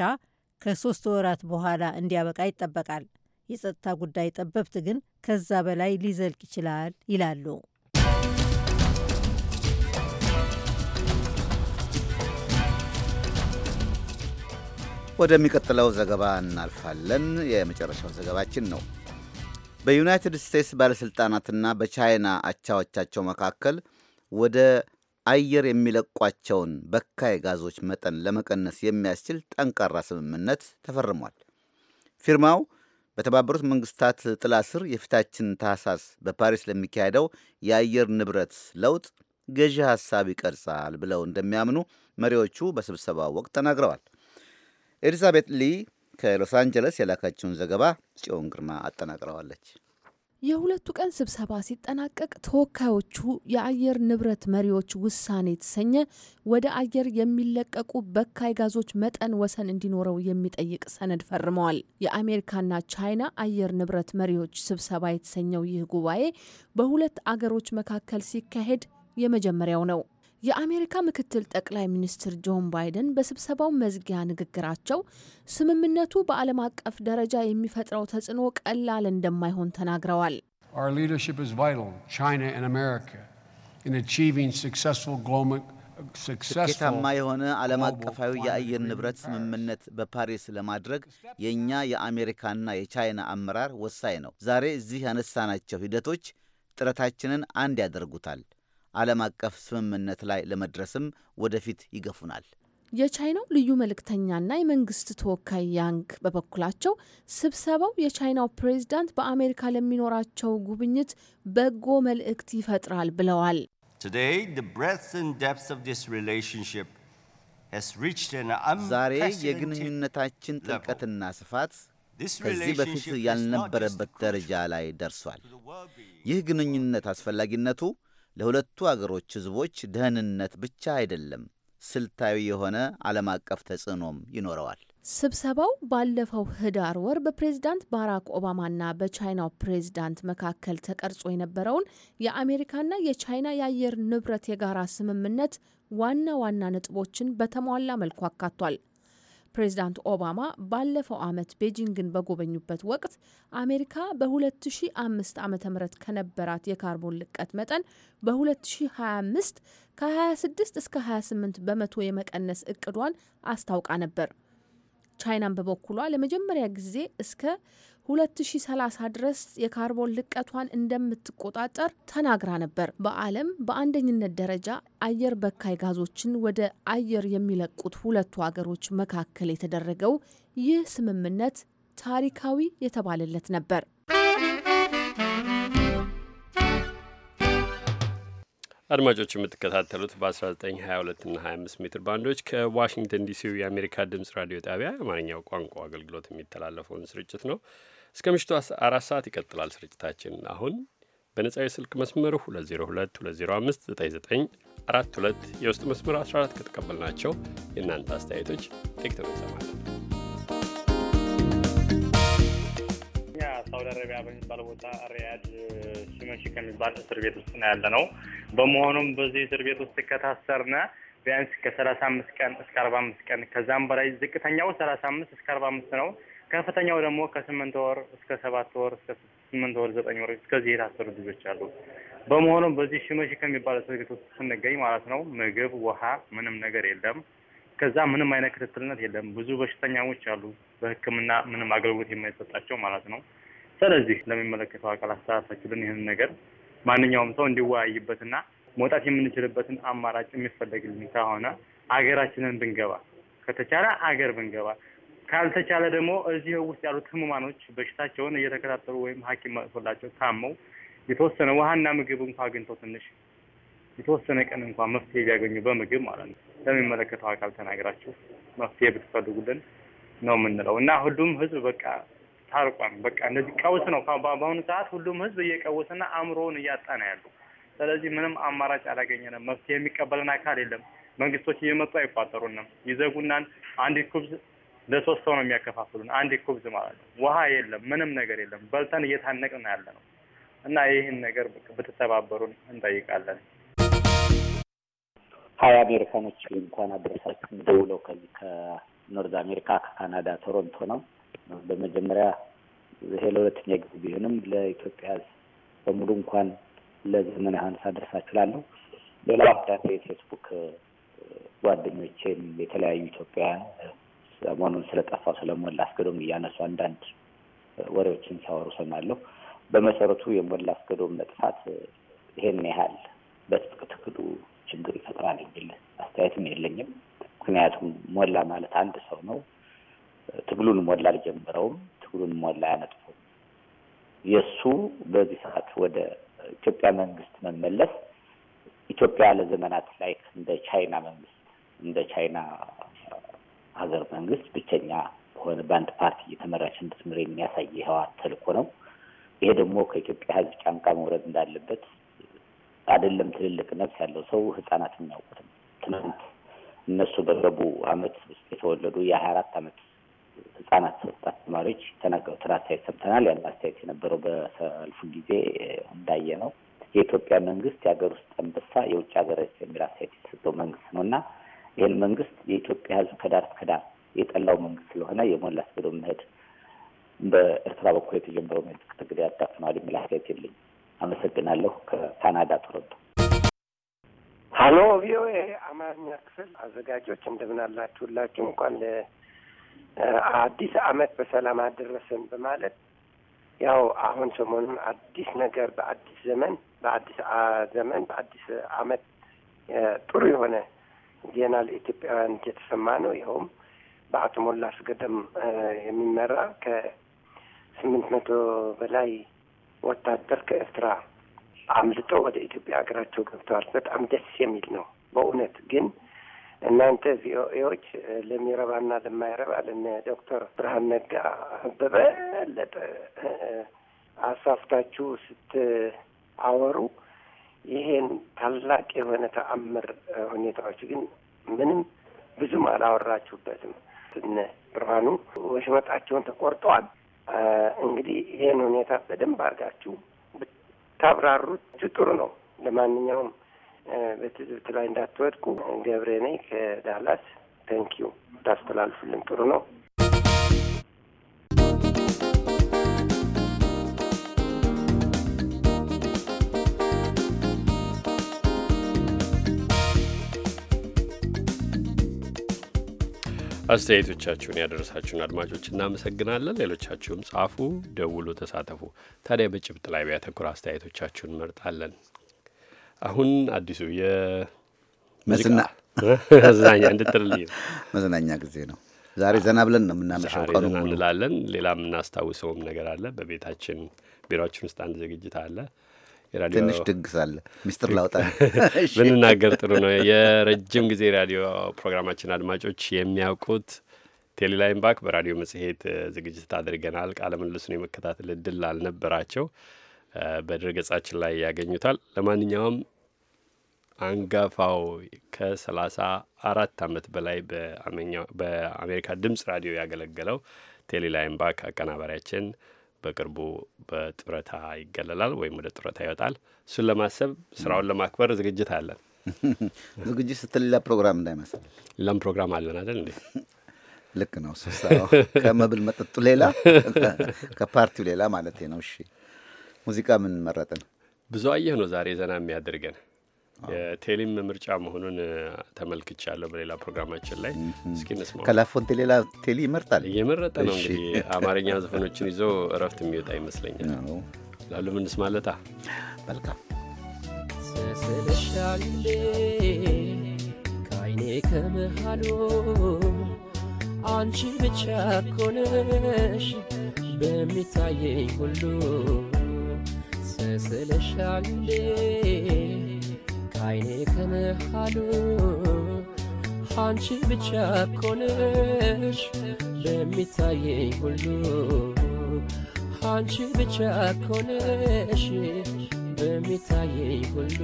ከሶስት ወራት በኋላ እንዲያበቃ ይጠበቃል። የጸጥታ ጉዳይ ጠበብት ግን ከዛ በላይ ሊዘልቅ ይችላል ይላሉ። ወደሚቀጥለው ዘገባ እናልፋለን። የመጨረሻው ዘገባችን ነው። በዩናይትድ ስቴትስ ባለሥልጣናትና በቻይና አቻዎቻቸው መካከል ወደ አየር የሚለቋቸውን በካይ ጋዞች መጠን ለመቀነስ የሚያስችል ጠንካራ ስምምነት ተፈርሟል። ፊርማው በተባበሩት መንግስታት ጥላ ስር የፊታችን ታህሳስ በፓሪስ ለሚካሄደው የአየር ንብረት ለውጥ ገዢ ሐሳብ ይቀርጻል ብለው እንደሚያምኑ መሪዎቹ በስብሰባው ወቅት ተናግረዋል። ኤሊዛቤት ሊ ከሎስ አንጀለስ የላካችውን ዘገባ ጽዮን ግርማ አጠናቅረዋለች። የሁለቱ ቀን ስብሰባ ሲጠናቀቅ ተወካዮቹ የአየር ንብረት መሪዎች ውሳኔ የተሰኘ ወደ አየር የሚለቀቁ በካይ ጋዞች መጠን ወሰን እንዲኖረው የሚጠይቅ ሰነድ ፈርመዋል። የአሜሪካና ቻይና አየር ንብረት መሪዎች ስብሰባ የተሰኘው ይህ ጉባኤ በሁለት አገሮች መካከል ሲካሄድ የመጀመሪያው ነው። የአሜሪካ ምክትል ጠቅላይ ሚኒስትር ጆን ባይደን በስብሰባው መዝጊያ ንግግራቸው ስምምነቱ በዓለም አቀፍ ደረጃ የሚፈጥረው ተጽዕኖ ቀላል እንደማይሆን ተናግረዋል። ስኬታማ የሆነ ዓለም አቀፋዊ የአየር ንብረት ስምምነት በፓሪስ ለማድረግ የእኛ የአሜሪካና የቻይና አመራር ወሳኝ ነው። ዛሬ እዚህ ያነሳናቸው ሂደቶች ጥረታችንን አንድ ያደርጉታል። ዓለም አቀፍ ስምምነት ላይ ለመድረስም ወደፊት ይገፉናል። የቻይናው ልዩ መልእክተኛና የመንግስት ተወካይ ያንግ በበኩላቸው ስብሰባው የቻይናው ፕሬዚዳንት በአሜሪካ ለሚኖራቸው ጉብኝት በጎ መልእክት ይፈጥራል ብለዋል። ዛሬ የግንኙነታችን ጥልቀትና ስፋት ከዚህ በፊት ያልነበረበት ደረጃ ላይ ደርሷል። ይህ ግንኙነት አስፈላጊነቱ ለሁለቱ አገሮች ሕዝቦች ደህንነት ብቻ አይደለም፣ ስልታዊ የሆነ ዓለም አቀፍ ተጽዕኖም ይኖረዋል። ስብሰባው ባለፈው ህዳር ወር በፕሬዝዳንት ባራክ ኦባማና በቻይናው ፕሬዝዳንት መካከል ተቀርጾ የነበረውን የአሜሪካና የቻይና የአየር ንብረት የጋራ ስምምነት ዋና ዋና ነጥቦችን በተሟላ መልኩ አካቷል። ፕሬዚዳንት ኦባማ ባለፈው ዓመት ቤጂንግን በጎበኙበት ወቅት አሜሪካ በ2005 ዓ ም ከነበራት የካርቦን ልቀት መጠን በ2025 ከ26 እስከ 28 በመቶ የመቀነስ እቅዷን አስታውቃ ነበር። ቻይናን በበኩሏ ለመጀመሪያ ጊዜ እስከ 2030 ድረስ የካርቦን ልቀቷን እንደምትቆጣጠር ተናግራ ነበር። በዓለም በአንደኝነት ደረጃ አየር በካይ ጋዞችን ወደ አየር የሚለቁት ሁለቱ አገሮች መካከል የተደረገው ይህ ስምምነት ታሪካዊ የተባለለት ነበር። አድማጮች የምትከታተሉት በ1922 እና 25 ሜትር ባንዶች ከዋሽንግተን ዲሲው የአሜሪካ ድምጽ ራዲዮ ጣቢያ የአማርኛው ቋንቋ አገልግሎት የሚተላለፈውን ስርጭት ነው። እስከ ምሽቱ አራት ሰዓት ይቀጥላል ስርጭታችን። አሁን በነጻው የስልክ መስመር 2022059942 የውስጥ መስመር 14 ከተቀበልናቸው የእናንተ አስተያየቶች ጥቂት ይሰማል። ሳውዲ አረቢያ በሚባለው ቦታ ሪያድ ሲመሺ ከሚባል እስር ቤት ውስጥ ነው ያለ ነው። በመሆኑም በዚህ እስር ቤት ውስጥ ከታሰርነ ቢያንስ ከሰላሳ አምስት ቀን እስከ አርባ አምስት ቀን ከዛም በላይ ዝቅተኛው ሰላሳ አምስት እስከ አርባ አምስት ነው። ከፍተኛው ደግሞ ከስምንት ወር እስከ ሰባት ወር እስከ ስምንት ወር ዘጠኝ ወር እስከዚህ የታሰሩ ልጆች አሉ። በመሆኑም በዚህ ሽመሽ ከሚባለው እስር ቤት ውስጥ ስንገኝ ማለት ነው ምግብ፣ ውሃ፣ ምንም ነገር የለም። ከዛ ምንም አይነት ክትትልነት የለም። ብዙ በሽተኛዎች አሉ በሕክምና ምንም አገልግሎት የማይሰጣቸው ማለት ነው። ስለዚህ ለሚመለከተው አካል አስተላልፋችሁልን ይህንን ነገር ማንኛውም ሰው እንዲወያይበትና መውጣት የምንችልበትን አማራጭ የሚፈለግልን ከሆነ አገራችንን ብንገባ ከተቻለ አገር ብንገባ ካልተቻለ ደግሞ እዚህ ውስጥ ያሉት ህሙማኖች በሽታቸውን እየተከታተሉ ወይም ሐኪም መጥቶላቸው ታመው የተወሰነ ውሃና ምግብ እንኳ አግኝተው ትንሽ የተወሰነ ቀን እንኳን መፍትሄ ቢያገኙ በምግብ ማለት ነው ለሚመለከተው አካል ተናግራችሁ መፍትሄ ብትፈልጉልን ነው የምንለው እና ሁሉም ህዝብ በቃ ታርቋም በቃ እንደዚህ ቀውስ ነው በአሁኑ ሰዓት ሁሉም ህዝብ እየቀወሰና አእምሮውን እያጣ ነው ያሉ። ስለዚህ ምንም አማራጭ አላገኘንም። መፍትሄ የሚቀበልን አካል የለም። መንግስቶች እየመጡ አይቋጠሩንም፣ ይዘጉናን። አንዲት ኩብዝ ለሶስት ሰው ነው የሚያከፋፍሉን። አንድ ኩብዝ ማለት ነው። ውሃ የለም፣ ምንም ነገር የለም። በልተን እየታነቅን ያለ ነው እና ይህን ነገር ብትተባበሩን እንጠይቃለን። ሀያ አሜሪካኖች እንኳን አደረሳችሁ። ደውለው ከዚህ ከኖርዝ አሜሪካ ከካናዳ ቶሮንቶ ነው። በመጀመሪያ ይሄ ለሁለተኛ ጊዜ ቢሆንም ለኢትዮጵያ በሙሉ እንኳን ለዘመነ ዮሐንስ አደረሳችሁ ላለሁ ሌላ አንዳንድ የፌስቡክ ጓደኞቼም የተለያዩ ኢትዮጵያውያን ሰሞኑን ስለጠፋው ስለሞላ አስገዶም እያነሱ አንዳንድ ወሬዎችን ሲያወሩ ሰማለሁ። በመሰረቱ የሞላ አስገዶም መጥፋት ይሄን ያህል በትጥቅ ትግሉ ችግር ይፈጥራል የሚል አስተያየትም የለኝም። ምክንያቱም ሞላ ማለት አንድ ሰው ነው። ትግሉን ሞላ አልጀምረውም፣ ትግሉን ሞላ አያነጥፉም። የእሱ በዚህ ሰዓት ወደ ኢትዮጵያ መንግስት መመለስ ኢትዮጵያ ለዘመናት ላይ እንደ ቻይና መንግስት እንደ ቻይና ሀገር መንግስት ብቸኛ በሆነ በአንድ ፓርቲ እየተመራች እንድትምር የሚያሳይ የህወሓት ተልእኮ ነው። ይሄ ደግሞ ከኢትዮጵያ ህዝብ ጫንቃ መውረድ እንዳለበት አይደለም ትልልቅ ነፍስ ያለው ሰው ህጻናት የሚያውቁትም ትናንት እነሱ በገቡ አመት ውስጥ የተወለዱ የሀያ አራት አመት ህጻናት ወጣት ተማሪዎች የተናገሩትን አስተያየት ሰምተናል። ያን አስተያየት የነበረው በሰልፉ ጊዜ እንዳየ ነው። የኢትዮጵያ መንግስት የሀገር ውስጥ አንበሳ የውጭ ሀገር የሚል አስተያየት የተሰጠው መንግስት ነው እና ይህን መንግስት የኢትዮጵያ ሕዝብ ከዳር እስከ ዳር የጠላው መንግስት ስለሆነ የሞላ አስገዶ መሄድ በኤርትራ በኩል የተጀመረው መሄድ ትግል ያዳፍነዋል የሚል አስተያየት የለኝም። አመሰግናለሁ። ከካናዳ ቶሮንቶ። ሀሎ ቪኦኤ አማርኛ ክፍል አዘጋጆች እንደምን አላችሁ? ሁላችሁ እንኳን አዲስ አመት በሰላም አደረሰን በማለት ያው አሁን ሰሞኑን አዲስ ነገር በአዲስ ዘመን በአዲስ ዘመን በአዲስ አመት ጥሩ የሆነ ዜና ለኢትዮጵያውያን የተሰማ ነው። ይኸውም በአቶ ሞላ አስገደም የሚመራ ከስምንት መቶ በላይ ወታደር ከኤርትራ አምልጦ ወደ ኢትዮጵያ ሀገራቸው ገብተዋል። በጣም ደስ የሚል ነው በእውነት ግን እናንተ ቪኦኤዎች ለሚረባና ለማይረባ ለነ ዶክተር ብርሃን ነጋ በበለጠ አሳፍታችሁ ስትአወሩ ይሄን ታላቅ የሆነ ተአምር ሁኔታዎች ግን ምንም ብዙም አላወራችሁበትም። እነ ብርሃኑ ወሽመጣቸውን ተቆርጠዋል። እንግዲህ ይሄን ሁኔታ በደንብ አድርጋችሁ ብታብራሩት ጥሩ ነው። ለማንኛውም በትዝብት ላይ እንዳትወድቁ። ገብሬ ነኝ ከዳላስ። ታንኪዩ ታስተላልፉልን ጥሩ ነው። አስተያየቶቻችሁን ያደረሳችሁን አድማጮች እናመሰግናለን። ሌሎቻችሁም ጻፉ፣ ደውሉ፣ ተሳተፉ። ታዲያ በጭብጥ ላይ ቢያተኩር አስተያየቶቻችሁን እንመርጣለን። አሁን አዲሱ የመዝና መዝናኛ እንድትልልኝ መዝናኛ ጊዜ ነው። ዛሬ ዘና ብለን ነው የምናመሻው። ቀኑ እንላለን። ሌላ የምናስታውሰውም ነገር አለ። በቤታችን ቢሮችን ውስጥ አንድ ዝግጅት አለ። ትንሽ ድግስ አለ፣ ሚስጥር ላውጣ ብንናገር ጥሩ ነው። የረጅም ጊዜ ራዲዮ ፕሮግራማችን አድማጮች የሚያውቁት ቴሌላይም ባክ በራዲዮ መጽሔት ዝግጅት አድርገናል። ቃለ ምልልሱን የመከታተል እድል አልነበራቸው፣ በድረ ገጻችን ላይ ያገኙታል። ለማንኛውም አንጋፋው ከሰላሳ አራት ዓመት በላይ በአሜሪካ ድምጽ ራዲዮ ያገለገለው ቴሌላይን ባክ አቀናባሪያችን በቅርቡ በጡረታ ይገለላል ወይም ወደ ጡረታ ይወጣል። እሱን ለማሰብ ስራውን ለማክበር ዝግጅት አለን። ዝግጅት ስትል ፕሮግራም እንዳይመስል፣ ለም ፕሮግራም አለን አይደል እንዴ? ልክ ነው። ስብሰባው ከመብል መጠጡ ሌላ ከፓርቲው ሌላ ማለት ነው። እሺ ሙዚቃ ምን መረጥን? ብዙ አየህ ነው ዛሬ ዘና የሚያደርገን የቴሌም ምርጫ መሆኑን ተመልክቻለሁ በሌላ ፕሮግራማችን ላይ። እስኪ እንስማው። ከላፎንቴ ሌላ ቴሌ ይመርጣል እየመረጠ ነው እንግዲህ አማርኛ ዘፈኖችን ይዞ እረፍት የሚወጣ ይመስለኛል። ላሉ ምንስ ማለታ መልካም ከአይኔ ከመሃሉ አንቺ ብቻ ኮነሽ በሚታየኝ ሁሉ ስስልሻሌ ከአይኔ ከመሃሉ አንቺ ብቻ እኮ በሚታየኝ ሁሉ አንቺ ብቻ እኮ በሚታየኝ ሁሉ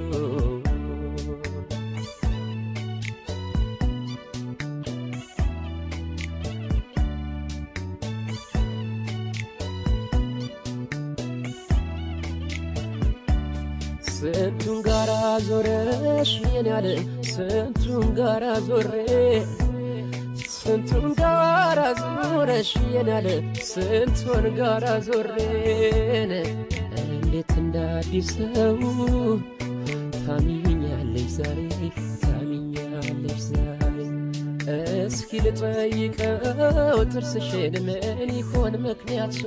ዞረሽ የኔ ያለ ስንቱን ጋራ ዞሬ ስንቱን ጋራ ዞረሽ የኔ ያለ ስንቱን ጋራ ዞሬን እንዴት እንዳዲስ ሰው ታሚኛለሽ ዛሬ ታሚኛለሽ ዛሬ እስኪ ልጠይቀው ጥርስሽን ምን ይሆን ምክንያቱ?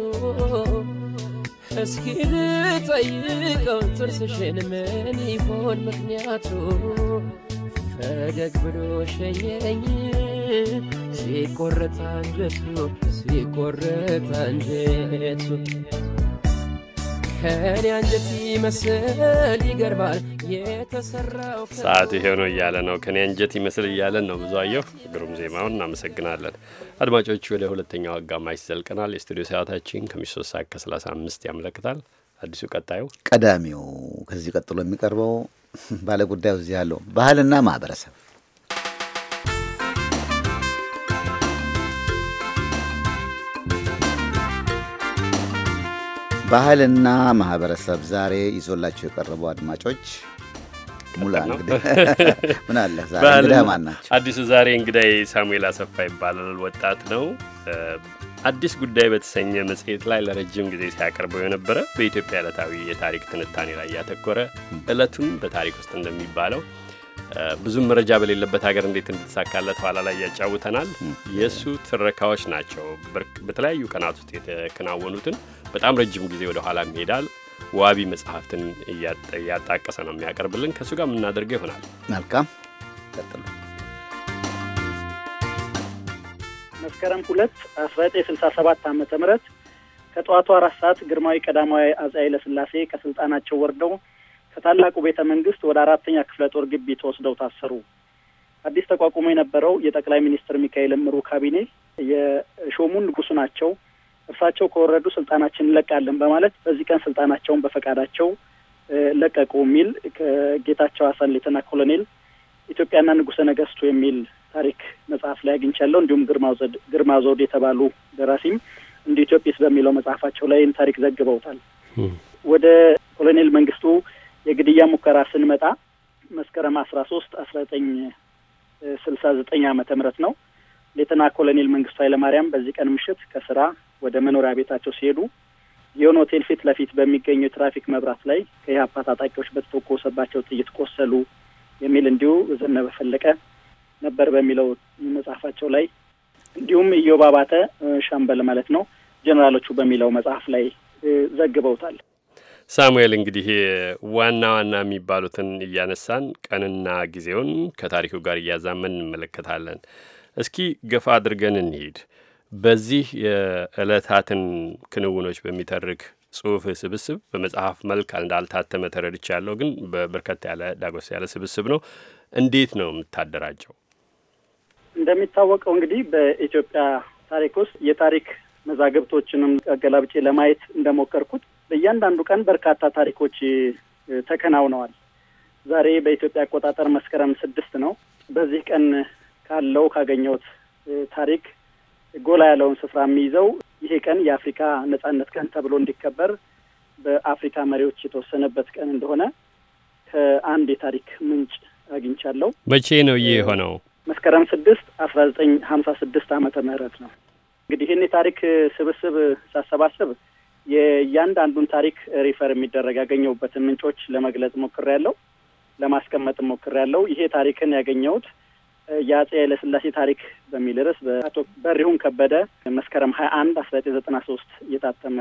እስኪ ልጠይቀው ጥርስሽን ምን ይሆን ምክንያቱ? ፈገግ ብሎ ሸኘኝ ሲቆረጥ አንጀቱ ሲቆረጥ አንጀቱ ከኔ አንጀት ይመስል ይገርባል ሰዓት ይሄ ነው እያለ ነው ከኔ አንጀት ይመስል እያለን ነው ብዙ አየሁ ግሩም ዜማውን እናመሰግናለን። አድማጮች ወደ ሁለተኛው አጋማሽ ዘልቀናል። የስቱዲዮ ሰዓታችን ከምሽቱ ሶስት ሰዓት ከሰላሳ አምስት ያመለክታል። አዲሱ ቀጣዩ ቀዳሚው ከዚህ ቀጥሎ የሚቀርበው ባለ ጉዳዩ እዚህ ያለው ባህልና ማህበረሰብ ባህልና ማህበረሰብ ዛሬ ይዞላቸው የቀረቡ አድማጮች ሙላ እንግዲህ ምን አለ እንግዲህ ማን ናቸው? አዲሱ ዛሬ እንግዳይ ሳሙኤል አሰፋ ይባላል። ወጣት ነው። አዲስ ጉዳይ በተሰኘ መጽሔት ላይ ለረጅም ጊዜ ሲያቀርበው የነበረ በኢትዮጵያ ዕለታዊ የታሪክ ትንታኔ ላይ ያተኮረ ዕለቱም በታሪክ ውስጥ እንደሚባለው ብዙም መረጃ በሌለበት ሀገር እንዴት እንድትሳካለት ኋላ ላይ ያጫውተናል። የእሱ ትረካዎች ናቸው። በተለያዩ ቀናት ውስጥ የተከናወኑትን በጣም ረጅም ጊዜ ወደ ኋላ ይሄዳል። ዋቢ መጽሐፍትን እያጣቀሰ ነው የሚያቀርብልን። ከእሱ ጋር የምናደርገው ይሆናል። መልካም ቀጥሉ። መስከረም ሁለት አስራ ዘጠኝ ስልሳ ሰባት ዓመተ ምህረት ከጠዋቱ አራት ሰዓት ግርማዊ ቀዳማዊ አፄ ኃይለ ሥላሴ ከስልጣናቸው ወርደው ከታላቁ ቤተ መንግስት ወደ አራተኛ ክፍለ ጦር ግቢ ተወስደው ታሰሩ። አዲስ ተቋቁሞ የነበረው የጠቅላይ ሚኒስትር ሚካኤል እምሩ ካቢኔ የሾሙ ንጉሱ ናቸው እርሳቸው ከወረዱ ስልጣናችን እንለቃለን በማለት በዚህ ቀን ስልጣናቸውን በፈቃዳቸው ለቀቁ የሚል ከጌታቸው አሳን ሌተና ኮሎኔል ኢትዮጵያና ንጉሰ ነገስቱ የሚል ታሪክ መጽሐፍ ላይ አግኝቻለሁ። እንዲሁም ግርማ ዘውድ የተባሉ ደራሲም እንደ ኢትዮጵስ በሚለው መጽሐፋቸው ላይ ታሪክ ዘግበውታል። ወደ ኮሎኔል መንግስቱ የግድያ ሙከራ ስንመጣ መስከረም አስራ ሶስት አስራ ዘጠኝ ስልሳ ዘጠኝ አመተ ምህረት ነው። ሌተና ኮሎኔል መንግስቱ ኃይለማርያም በዚህ ቀን ምሽት ከስራ ወደ መኖሪያ ቤታቸው ሲሄዱ የሆነ ሆቴል ፊት ለፊት በሚገኙ የትራፊክ መብራት ላይ ከኢህአፓ ታጣቂዎች በተተኮሰባቸው ጥይት ቆሰሉ የሚል እንዲሁ ዘነበ ፈለቀ ነበር በሚለው መጽሐፋቸው ላይ እንዲሁም ኢዮብ አባተ ሻምበል ማለት ነው ጀኔራሎቹ በሚለው መጽሐፍ ላይ ዘግበውታል። ሳሙኤል እንግዲህ ዋና ዋና የሚባሉትን እያነሳን ቀንና ጊዜውን ከታሪኩ ጋር እያዛመን እንመለከታለን። እስኪ ገፋ አድርገን እንሂድ። በዚህ የዕለታትን ክንውኖች በሚተርክ ጽሁፍ ስብስብ በመጽሐፍ መልክ እንዳልታተመ ተረድቻ ያለው ግን በበርከት ያለ ዳጎስ ያለ ስብስብ ነው። እንዴት ነው የምታደራጀው? እንደሚታወቀው እንግዲህ በኢትዮጵያ ታሪክ ውስጥ የታሪክ መዛግብቶችንም አገላብጬ ለማየት እንደሞከርኩት በእያንዳንዱ ቀን በርካታ ታሪኮች ተከናውነዋል። ዛሬ በኢትዮጵያ አቆጣጠር መስከረም ስድስት ነው። በዚህ ቀን ካለው ካገኘሁት ታሪክ ጎላ ያለውን ስፍራ የሚይዘው ይሄ ቀን የአፍሪካ ነጻነት ቀን ተብሎ እንዲከበር በአፍሪካ መሪዎች የተወሰነበት ቀን እንደሆነ ከአንድ የታሪክ ምንጭ አግኝቻለሁ። መቼ ነው ይህ የሆነው? መስከረም ስድስት አስራ ዘጠኝ ሀምሳ ስድስት አመተ ምህረት ነው። እንግዲህ ይህን የታሪክ ስብስብ ሳሰባስብ የእያንዳንዱን ታሪክ ሪፈር የሚደረግ ያገኘሁበትን ምንጮች ለመግለጽ ሞክር ያለው ለማስቀመጥ ሞክር ያለው ይሄ ታሪክን ያገኘሁት የአጼ ኃይለስላሴ ታሪክ በሚል ርዕስ በአቶ በሪሁን ከበደ መስከረም ሀያ አንድ አስራ ዘጠኝ ዘጠና ሶስት የታተመ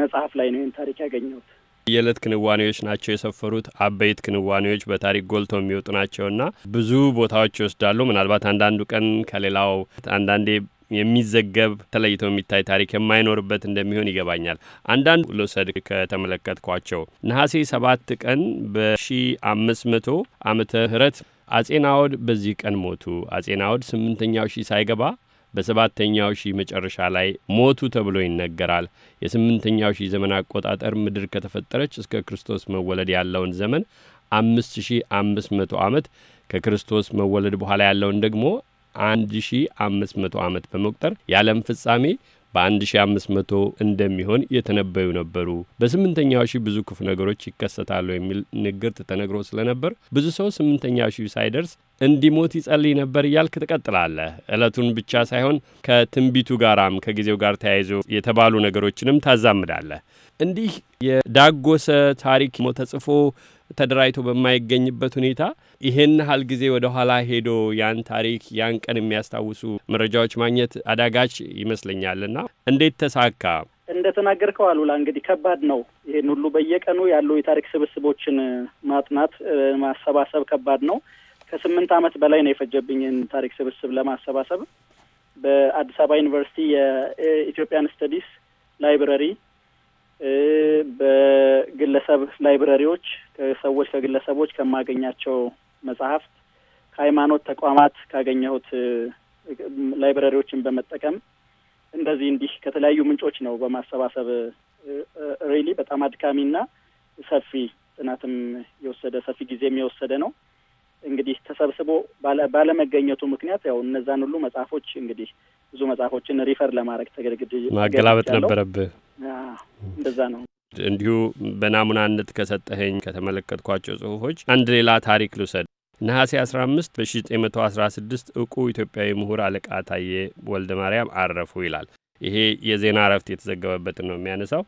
መጽሐፍ ላይ ነው ይህን ታሪክ ያገኘሁት። የዕለት ክንዋኔዎች ናቸው የሰፈሩት። አበይት ክንዋኔዎች በታሪክ ጎልተው የሚወጡ ናቸውና ብዙ ቦታዎች ይወስዳሉ። ምናልባት አንዳንዱ ቀን ከሌላው አንዳንዴ የሚዘገብ ተለይቶ የሚታይ ታሪክ የማይኖርበት እንደሚሆን ይገባኛል። አንዳንድ ልውሰድ ከተመለከትኳቸው ነሐሴ ሰባት ቀን በሺ አምስት መቶ አመተ ምህረት አጼ በዚህ ቀን ሞቱ። አጼ ናዖድ ስምንተኛው ሺህ ሳይገባ በሰባተኛው ሺህ መጨረሻ ላይ ሞቱ ተብሎ ይነገራል። የስምንተኛው ሺህ ዘመን አቆጣጠር ምድር ከተፈጠረች እስከ ክርስቶስ መወለድ ያለውን ዘመን አምስት ሺህ አምስት መቶ ዓመት ከክርስቶስ መወለድ በኋላ ያለውን ደግሞ አንድ ሺህ አምስት መቶ ዓመት በመቁጠር የዓለም ፍጻሜ በ1500 እንደሚሆን የተነበዩ ነበሩ። በስምንተኛው ሺህ ብዙ ክፉ ነገሮች ይከሰታሉ የሚል ንግርት ተነግሮ ስለነበር ብዙ ሰው ስምንተኛው ሺህ ሳይደርስ እንዲሞት ይጸልይ ነበር እያልክ ትቀጥላለህ። ዕለቱን ብቻ ሳይሆን ከትንቢቱ ጋራም ከጊዜው ጋር ተያይዞ የተባሉ ነገሮችንም ታዛምዳለህ። እንዲህ የዳጎሰ ታሪክ ተጽፎ ተደራጅቶ በማይገኝበት ሁኔታ ይህን ያህል ጊዜ ወደ ኋላ ሄዶ ያን ታሪክ ያን ቀን የሚያስታውሱ መረጃዎች ማግኘት አዳጋች ይመስለኛልና እንዴት ተሳካ? እንደተናገርከው አሉላ እንግዲህ ከባድ ነው። ይህን ሁሉ በየቀኑ ያሉ የታሪክ ስብስቦችን ማጥናት ማሰባሰብ ከባድ ነው። ከስምንት ዓመት በላይ ነው የፈጀብኝን ታሪክ ስብስብ ለማሰባሰብ በአዲስ አበባ ዩኒቨርሲቲ የኢትዮጵያን ስተዲስ ላይብረሪ በግለሰብ ላይብረሪዎች ከሰዎች ከግለሰቦች ከማገኛቸው መጽሐፍት ከሃይማኖት ተቋማት ካገኘሁት ላይብረሪዎችን በመጠቀም እንደዚህ እንዲህ ከተለያዩ ምንጮች ነው በማሰባሰብ ሬሊ በጣም አድካሚና ሰፊ ጥናትም የወሰደ ሰፊ ጊዜም የወሰደ ነው። እንግዲህ ተሰብስቦ ባለመገኘቱ ምክንያት ያው እነዛን ሁሉ መጽሐፎች እንግዲህ ብዙ መጽሐፎችን ሪፈር ለማድረግ ተገድግድ ማገላበጥ ነበረብህ። እንደዛ ነው። እንዲሁ በናሙናነት ከሰጠኸኝ ከተመለከትኳቸው ጽሁፎች አንድ ሌላ ታሪክ ልውሰድ። ነሐሴ 15 በ1916 እውቁ ኢትዮጵያዊ ምሁር አለቃ ታዬ ወልደ ማርያም አረፉ ይላል። ይሄ የዜና እረፍት የተዘገበበትን ነው የሚያነሳው።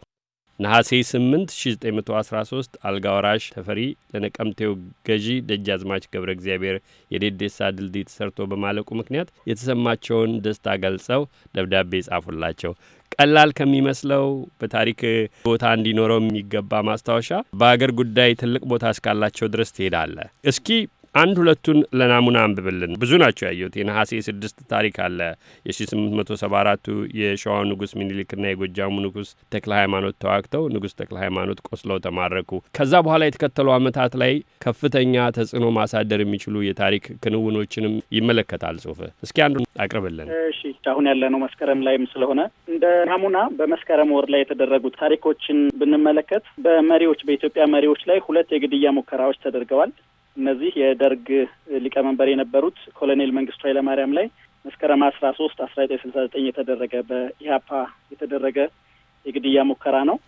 ነሐሴ 8 913 አልጋወራሽ ተፈሪ ለነቀምቴው ገዢ ደጃዝማች ገብረ እግዚአብሔር የዴዴሳ ድልድይ ተሰርቶ በማለቁ ምክንያት የተሰማቸውን ደስታ ገልጸው ደብዳቤ ጻፉላቸው። ቀላል ከሚመስለው በታሪክ ቦታ እንዲኖረው የሚገባ ማስታወሻ በአገር ጉዳይ ትልቅ ቦታ እስካላቸው ድረስ ትሄዳለ። እስኪ አንድ ሁለቱን ለናሙና አንብብልን። ብዙ ናቸው ያየሁት። የነሐሴ ስድስት ታሪክ አለ። የ1874ቱ የሸዋው ንጉሥ ሚኒሊክና የጎጃሙ ንጉሥ ተክለ ሃይማኖት ተዋግተው ንጉሥ ተክለ ሃይማኖት ቆስለው ተማረኩ። ከዛ በኋላ የተከተሉ ዓመታት ላይ ከፍተኛ ተጽዕኖ ማሳደር የሚችሉ የታሪክ ክንውኖችንም ይመለከታል ጽሁፍ። እስኪ አንዱ አቅርብልን። እሺ፣ አሁን ያለነው መስከረም ላይም ስለሆነ እንደ ናሙና በመስከረም ወር ላይ የተደረጉ ታሪኮችን ብንመለከት በመሪዎች በኢትዮጵያ መሪዎች ላይ ሁለት የግድያ ሙከራዎች ተደርገዋል። እነዚህ የደርግ ሊቀመንበር የነበሩት ኮሎኔል መንግስቱ ኃይለማርያም ላይ መስከረም አስራ ሶስት አስራ ዘጠኝ ስልሳ ዘጠኝ የተደረገ በኢህአፓ የተደረገ የግድያ ሙከራ ነው።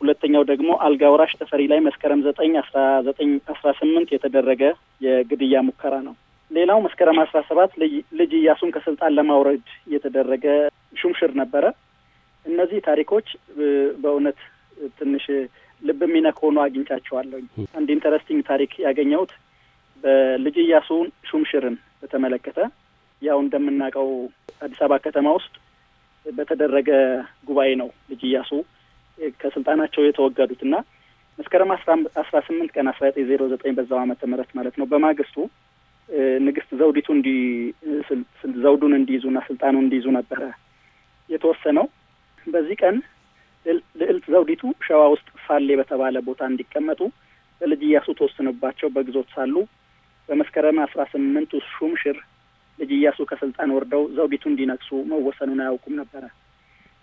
ሁለተኛው ደግሞ አልጋ ወራሽ ተፈሪ ላይ መስከረም ዘጠኝ አስራ ዘጠኝ አስራ ስምንት የተደረገ የግድያ ሙከራ ነው። ሌላው መስከረም አስራ ሰባት ልጅ እያሱን ከስልጣን ለማውረድ የተደረገ ሹምሽር ነበረ። እነዚህ ታሪኮች በእውነት ትንሽ ልብ የሚነክ ሆኖ አግኝቻቸዋለሁ። አንድ ኢንተረስቲንግ ታሪክ ያገኘሁት በልጅ እያሱን ሹምሽርን በተመለከተ ያው እንደምናውቀው አዲስ አበባ ከተማ ውስጥ በተደረገ ጉባኤ ነው ልጅ እያሱ ከስልጣናቸው የተወገዱት እና መስከረም አስራ ስምንት ቀን አስራ ዘጠኝ ዜሮ ዘጠኝ በዛው ዓመተ ምህረት ማለት ነው። በማግስቱ ንግስት ዘውዲቱ እንዲ ዘውዱን እንዲይዙና ስልጣኑ እንዲይዙ ነበረ የተወሰነው። በዚህ ቀን ልዕልት ዘውዲቱ ሸዋ ውስጥ ፋሌ በተባለ ቦታ እንዲቀመጡ በልጅ እያሱ ተወስኖባቸው በግዞት ሳሉ በመስከረም አስራ ስምንቱ ሹምሽር ልጅ እያሱ ከስልጣን ወርደው ዘውዲቱ እንዲነግሱ መወሰኑን አያውቁም ነበረ።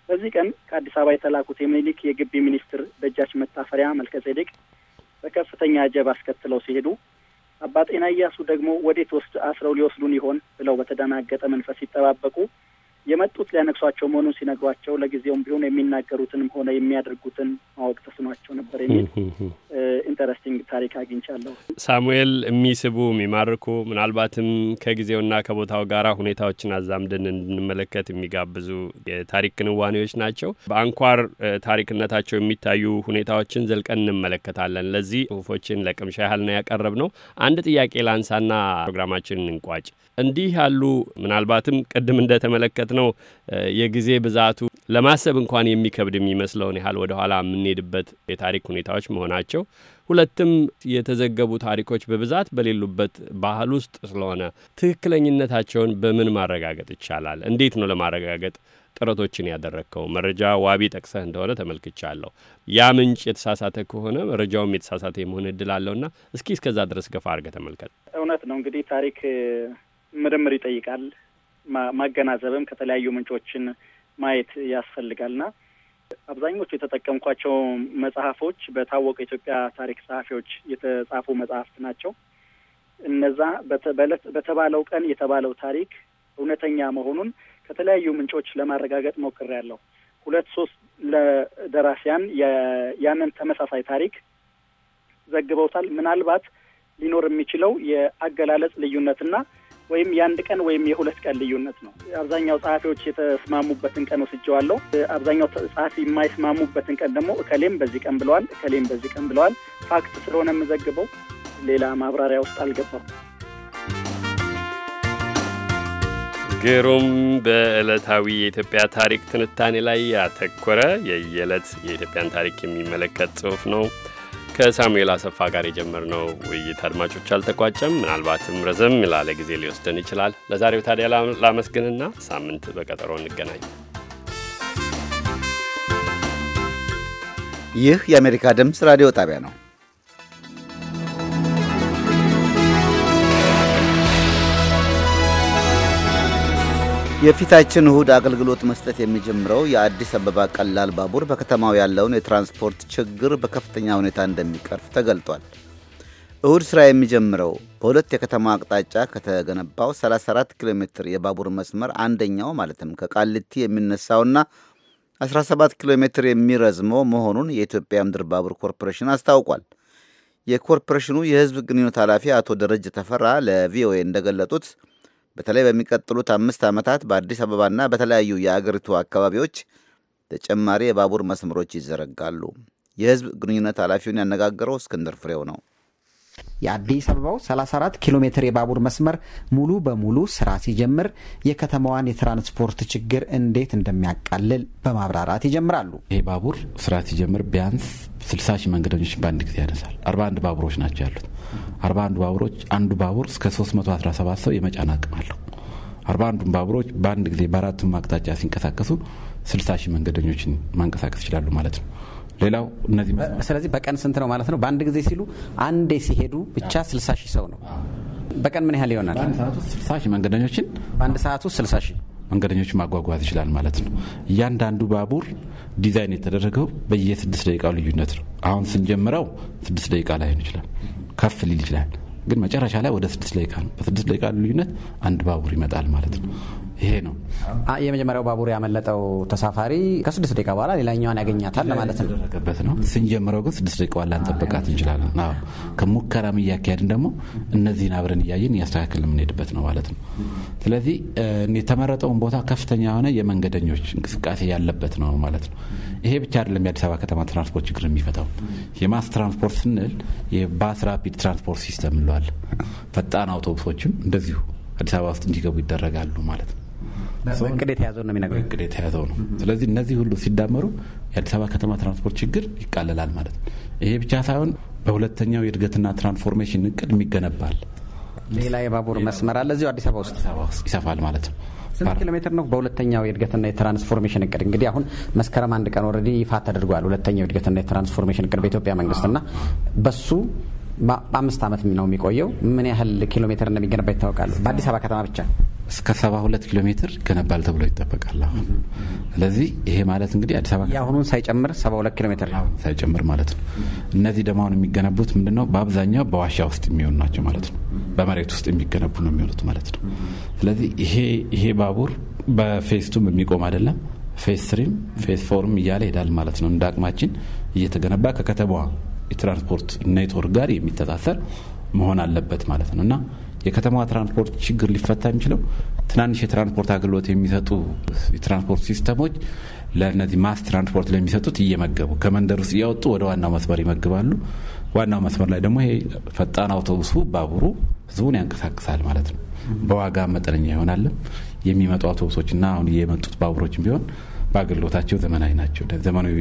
በዚህ ቀን ከአዲስ አበባ የተላኩት የሚኒሊክ የግቢ ሚኒስትር ደጃች መታፈሪያ መልከ ጼዴቅ በከፍተኛ አጀብ አስከትለው ሲሄዱ አባጤና እያሱ ደግሞ ወዴት ወስድ አስረው ሊወስዱን ይሆን ብለው በተደናገጠ መንፈስ ሲጠባበቁ የመጡት ሊያነግሷቸው መሆኑን ሲነግሯቸው ለጊዜውም ቢሆን የሚናገሩትንም ሆነ የሚያደርጉትን ማወቅ ተስኗቸው ነበር የሚል ኢንተረስቲንግ ታሪክ አግኝቻለሁ። ሳሙኤል፣ የሚስቡ የሚማርኩ ምናልባትም ከጊዜውና ከቦታው ጋር ሁኔታዎችን አዛምደን እንድንመለከት የሚጋብዙ የታሪክ ክንዋኔዎች ናቸው። በአንኳር ታሪክነታቸው የሚታዩ ሁኔታዎችን ዘልቀን እንመለከታለን። ለዚህ ጽሁፎችን ለቅምሻ ያህል ነው ያቀረብ ነው። አንድ ጥያቄ ላንሳና ፕሮግራማችንን እንቋጭ። እንዲህ ያሉ ምናልባትም ቅድም እንደተመለከት ነው የጊዜ ብዛቱ ለማሰብ እንኳን የሚከብድ የሚመስለውን ያህል ወደ ኋላ የምንሄድበት የታሪክ ሁኔታዎች መሆናቸው፣ ሁለትም የተዘገቡ ታሪኮች በብዛት በሌሉበት ባህል ውስጥ ስለሆነ ትክክለኝነታቸውን በምን ማረጋገጥ ይቻላል? እንዴት ነው ለማረጋገጥ ጥረቶችን ያደረግከው? መረጃ ዋቢ ጠቅሰህ እንደሆነ ተመልክቻለሁ። ያ ምንጭ የተሳሳተ ከሆነ መረጃውም የተሳሳተ የመሆን እድል አለውና እስኪ እስከዛ ድረስ ገፋ አድርገህ ተመልከት። እውነት ነው እንግዲህ ታሪክ ምርምር ይጠይቃል። ማገናዘብም ከተለያዩ ምንጮችን ማየት ያስፈልጋልና አብዛኞቹ የተጠቀምኳቸው መጽሐፎች በታወቁ የኢትዮጵያ ታሪክ ጸሐፊዎች የተጻፉ መጽሐፍት ናቸው። እነዛ በተባለው ቀን የተባለው ታሪክ እውነተኛ መሆኑን ከተለያዩ ምንጮች ለማረጋገጥ ሞክሬያለሁ። ሁለት ሶስት ለደራሲያን ያንን ተመሳሳይ ታሪክ ዘግበውታል። ምናልባት ሊኖር የሚችለው የአገላለጽ ልዩነትና ወይም የአንድ ቀን ወይም የሁለት ቀን ልዩነት ነው። አብዛኛው ጸሐፊዎች የተስማሙበትን ቀን ወስጀዋለሁ። አብዛኛው ጸሐፊ የማይስማሙበትን ቀን ደግሞ እከሌም በዚህ ቀን ብለዋል፣ እከሌም በዚህ ቀን ብለዋል። ፋክት ስለሆነ የምዘግበው ሌላ ማብራሪያ ውስጥ አልገባም። ግሩም በዕለታዊ የኢትዮጵያ ታሪክ ትንታኔ ላይ ያተኮረ የየዕለት የኢትዮጵያን ታሪክ የሚመለከት ጽሑፍ ነው። ከሳሙኤል አሰፋ ጋር የጀመርነው ውይይት አድማጮች አልተቋጨም። ምናልባትም ረዘም ላለ ጊዜ ሊወስደን ይችላል። ለዛሬው ታዲያ ላመስግንና ሳምንት በቀጠሮ እንገናኝ። ይህ የአሜሪካ ድምፅ ራዲዮ ጣቢያ ነው። የፊታችን እሁድ አገልግሎት መስጠት የሚጀምረው የአዲስ አበባ ቀላል ባቡር በከተማው ያለውን የትራንስፖርት ችግር በከፍተኛ ሁኔታ እንደሚቀርፍ ተገልጧል። እሁድ ሥራ የሚጀምረው በሁለት የከተማ አቅጣጫ ከተገነባው 34 ኪሎ ሜትር የባቡር መስመር አንደኛው ማለትም ከቃሊቲ የሚነሳውና 17 ኪሎ ሜትር የሚረዝመው መሆኑን የኢትዮጵያ ምድር ባቡር ኮርፖሬሽን አስታውቋል። የኮርፖሬሽኑ የህዝብ ግንኙነት ኃላፊ አቶ ደረጀ ተፈራ ለቪኦኤ እንደገለጡት በተለይ በሚቀጥሉት አምስት ዓመታት በአዲስ አበባና በተለያዩ የአገሪቱ አካባቢዎች ተጨማሪ የባቡር መስመሮች ይዘረጋሉ። የህዝብ ግንኙነት ኃላፊውን ያነጋገረው እስክንድር ፍሬው ነው። የአዲስ አበባው 34 ኪሎ ሜትር የባቡር መስመር ሙሉ በሙሉ ስራ ሲጀምር የከተማዋን የትራንስፖርት ችግር እንዴት እንደሚያቃልል በማብራራት ይጀምራሉ። ይሄ ባቡር ስራ ሲጀምር ቢያንስ 60 ሺህ መንገደኞችን በአንድ ጊዜ ያነሳል። 41 ባቡሮች ናቸው ያሉት። 41 ባቡሮች አንዱ ባቡር እስከ 317 ሰው የመጫን አቅም አለው። ባቡሮች በአንድ ጊዜ በአራቱም አቅጣጫ ሲንቀሳቀሱ 60 ሺህ መንገደኞችን ማንቀሳቀስ ይችላሉ ማለት ነው። ሌላው እነዚህ ስለዚህ በቀን ስንት ነው ማለት ነው? በአንድ ጊዜ ሲሉ አንዴ ሲሄዱ ብቻ ስልሳ ሺህ ሰው ነው። በቀን ምን ያህል ይሆናል? ሰዓት ስልሳ ሺህ መንገደኞችን በአንድ ሰዓት ውስጥ ስልሳ ሺህ መንገደኞችን ማጓጓዝ ይችላል ማለት ነው። እያንዳንዱ ባቡር ዲዛይን የተደረገው በየስድስት ደቂቃው ልዩነት ነው። አሁን ስንጀምረው ስድስት ደቂቃ ላይሆን ይችላል፣ ከፍ ሊል ይችላል ግን መጨረሻ ላይ ወደ ስድስት ደቂቃ ነው። በስድስት ደቂቃ ልዩነት አንድ ባቡር ይመጣል ማለት ነው። ይሄ ነው የመጀመሪያው ባቡር ያመለጠው ተሳፋሪ ከስድስት ደቂቃ በኋላ ሌላኛዋን ያገኛታል ለማለት ነው የተደረገበት ነው። ስንጀምረው ግን ስድስት ደቂቃ ላንጠብቃት እንችላለን። ከሙከራም እያካሄድን ደግሞ እነዚህን አብረን እያየን እያስተካከል የምንሄድበት ነው ማለት ነው። ስለዚህ የተመረጠውን ቦታ ከፍተኛ የሆነ የመንገደኞች እንቅስቃሴ ያለበት ነው ማለት ነው። ይሄ ብቻ አይደለም የአዲስ አበባ ከተማ ትራንስፖርት ችግር የሚፈታው። የማስ ትራንስፖርት ስንል የባስ ራፒድ ትራንስፖርት ሲስተም እንለዋለን። ፈጣን አውቶቡሶችም እንደዚሁ አዲስ አበባ ውስጥ እንዲገቡ ይደረጋሉ ማለት ነው። በእቅድ የተያዘው ነው የሚነግረው። በእቅድ የተያዘው ነው። ስለዚህ እነዚህ ሁሉ ሲዳመሩ የአዲስ አበባ ከተማ ትራንስፖርት ችግር ይቃለላል ማለት ነው። ይሄ ብቻ ሳይሆን በሁለተኛው የእድገትና ትራንስፎርሜሽን እቅድ የሚገነባል ሌላ የባቡር መስመር አለ እዚሁ አዲስ አበባ ውስጥ ይሰፋል ማለት ነው። ስንት ኪሎ ሜትር ነው? በሁለተኛው የእድገትና የትራንስፎርሜሽን እቅድ እንግዲህ አሁን መስከረም አንድ ቀን ወረዲ ይፋ ተደርጓል። ሁለተኛው የእድገትና የትራንስፎርሜሽን እቅድ በኢትዮጵያ መንግስትና በሱ በአምስት ዓመት ነው የሚቆየው። ምን ያህል ኪሎ ሜትር እንደሚገነባ ይታወቃሉ? በአዲስ አበባ ከተማ ብቻ እስከ ሰባ ሁለት ኪሎ ሜትር ይገነባል ተብሎ ይጠበቃል። አሁን ስለዚህ ይሄ ማለት እንግዲህ አዲስ አበባ የአሁኑን ሳይጨምር ሰባ ሁለት ኪሎ ሜትር ሳይጨምር ማለት ነው። እነዚህ ደግሞ አሁን የሚገነቡት ነው? በአብዛኛው በዋሻ ውስጥ የሚሆኑ ናቸው ማለት ነው። በመሬት ውስጥ የሚገነቡ ነው የሚሆኑት ማለት ነው። ስለዚህ ይሄ ይሄ ባቡር በፌስቱም የሚቆም አይደለም። ፌስ ስሪም ፌስ ፎርም እያለ ይሄዳል ማለት ነው። እንደ አቅማችን እየተገነባ ከከተማዋ የትራንስፖርት ኔትወርክ ጋር የሚተሳሰር መሆን አለበት ማለት ነው እና የከተማዋ ትራንስፖርት ችግር ሊፈታ የሚችለው ትናንሽ የትራንስፖርት አገልግሎት የሚሰጡ የትራንስፖርት ሲስተሞች ለእነዚህ ማስ ትራንስፖርት ለሚሰጡት እየመገቡ ከመንደር ውስጥ እያወጡ ወደ ዋናው መስመር ይመግባሉ። ዋናው መስመር ላይ ደግሞ ይሄ ፈጣን አውቶቡሱ፣ ባቡሩ ህዝቡን ያንቀሳቅሳል ማለት ነው። በዋጋ መጠነኛ ይሆናል። የሚመጡ አውቶቡሶችና አሁን የመጡት ባቡሮች ቢሆን በአገልግሎታቸው ዘመናዊ ናቸው። ዘመናዊ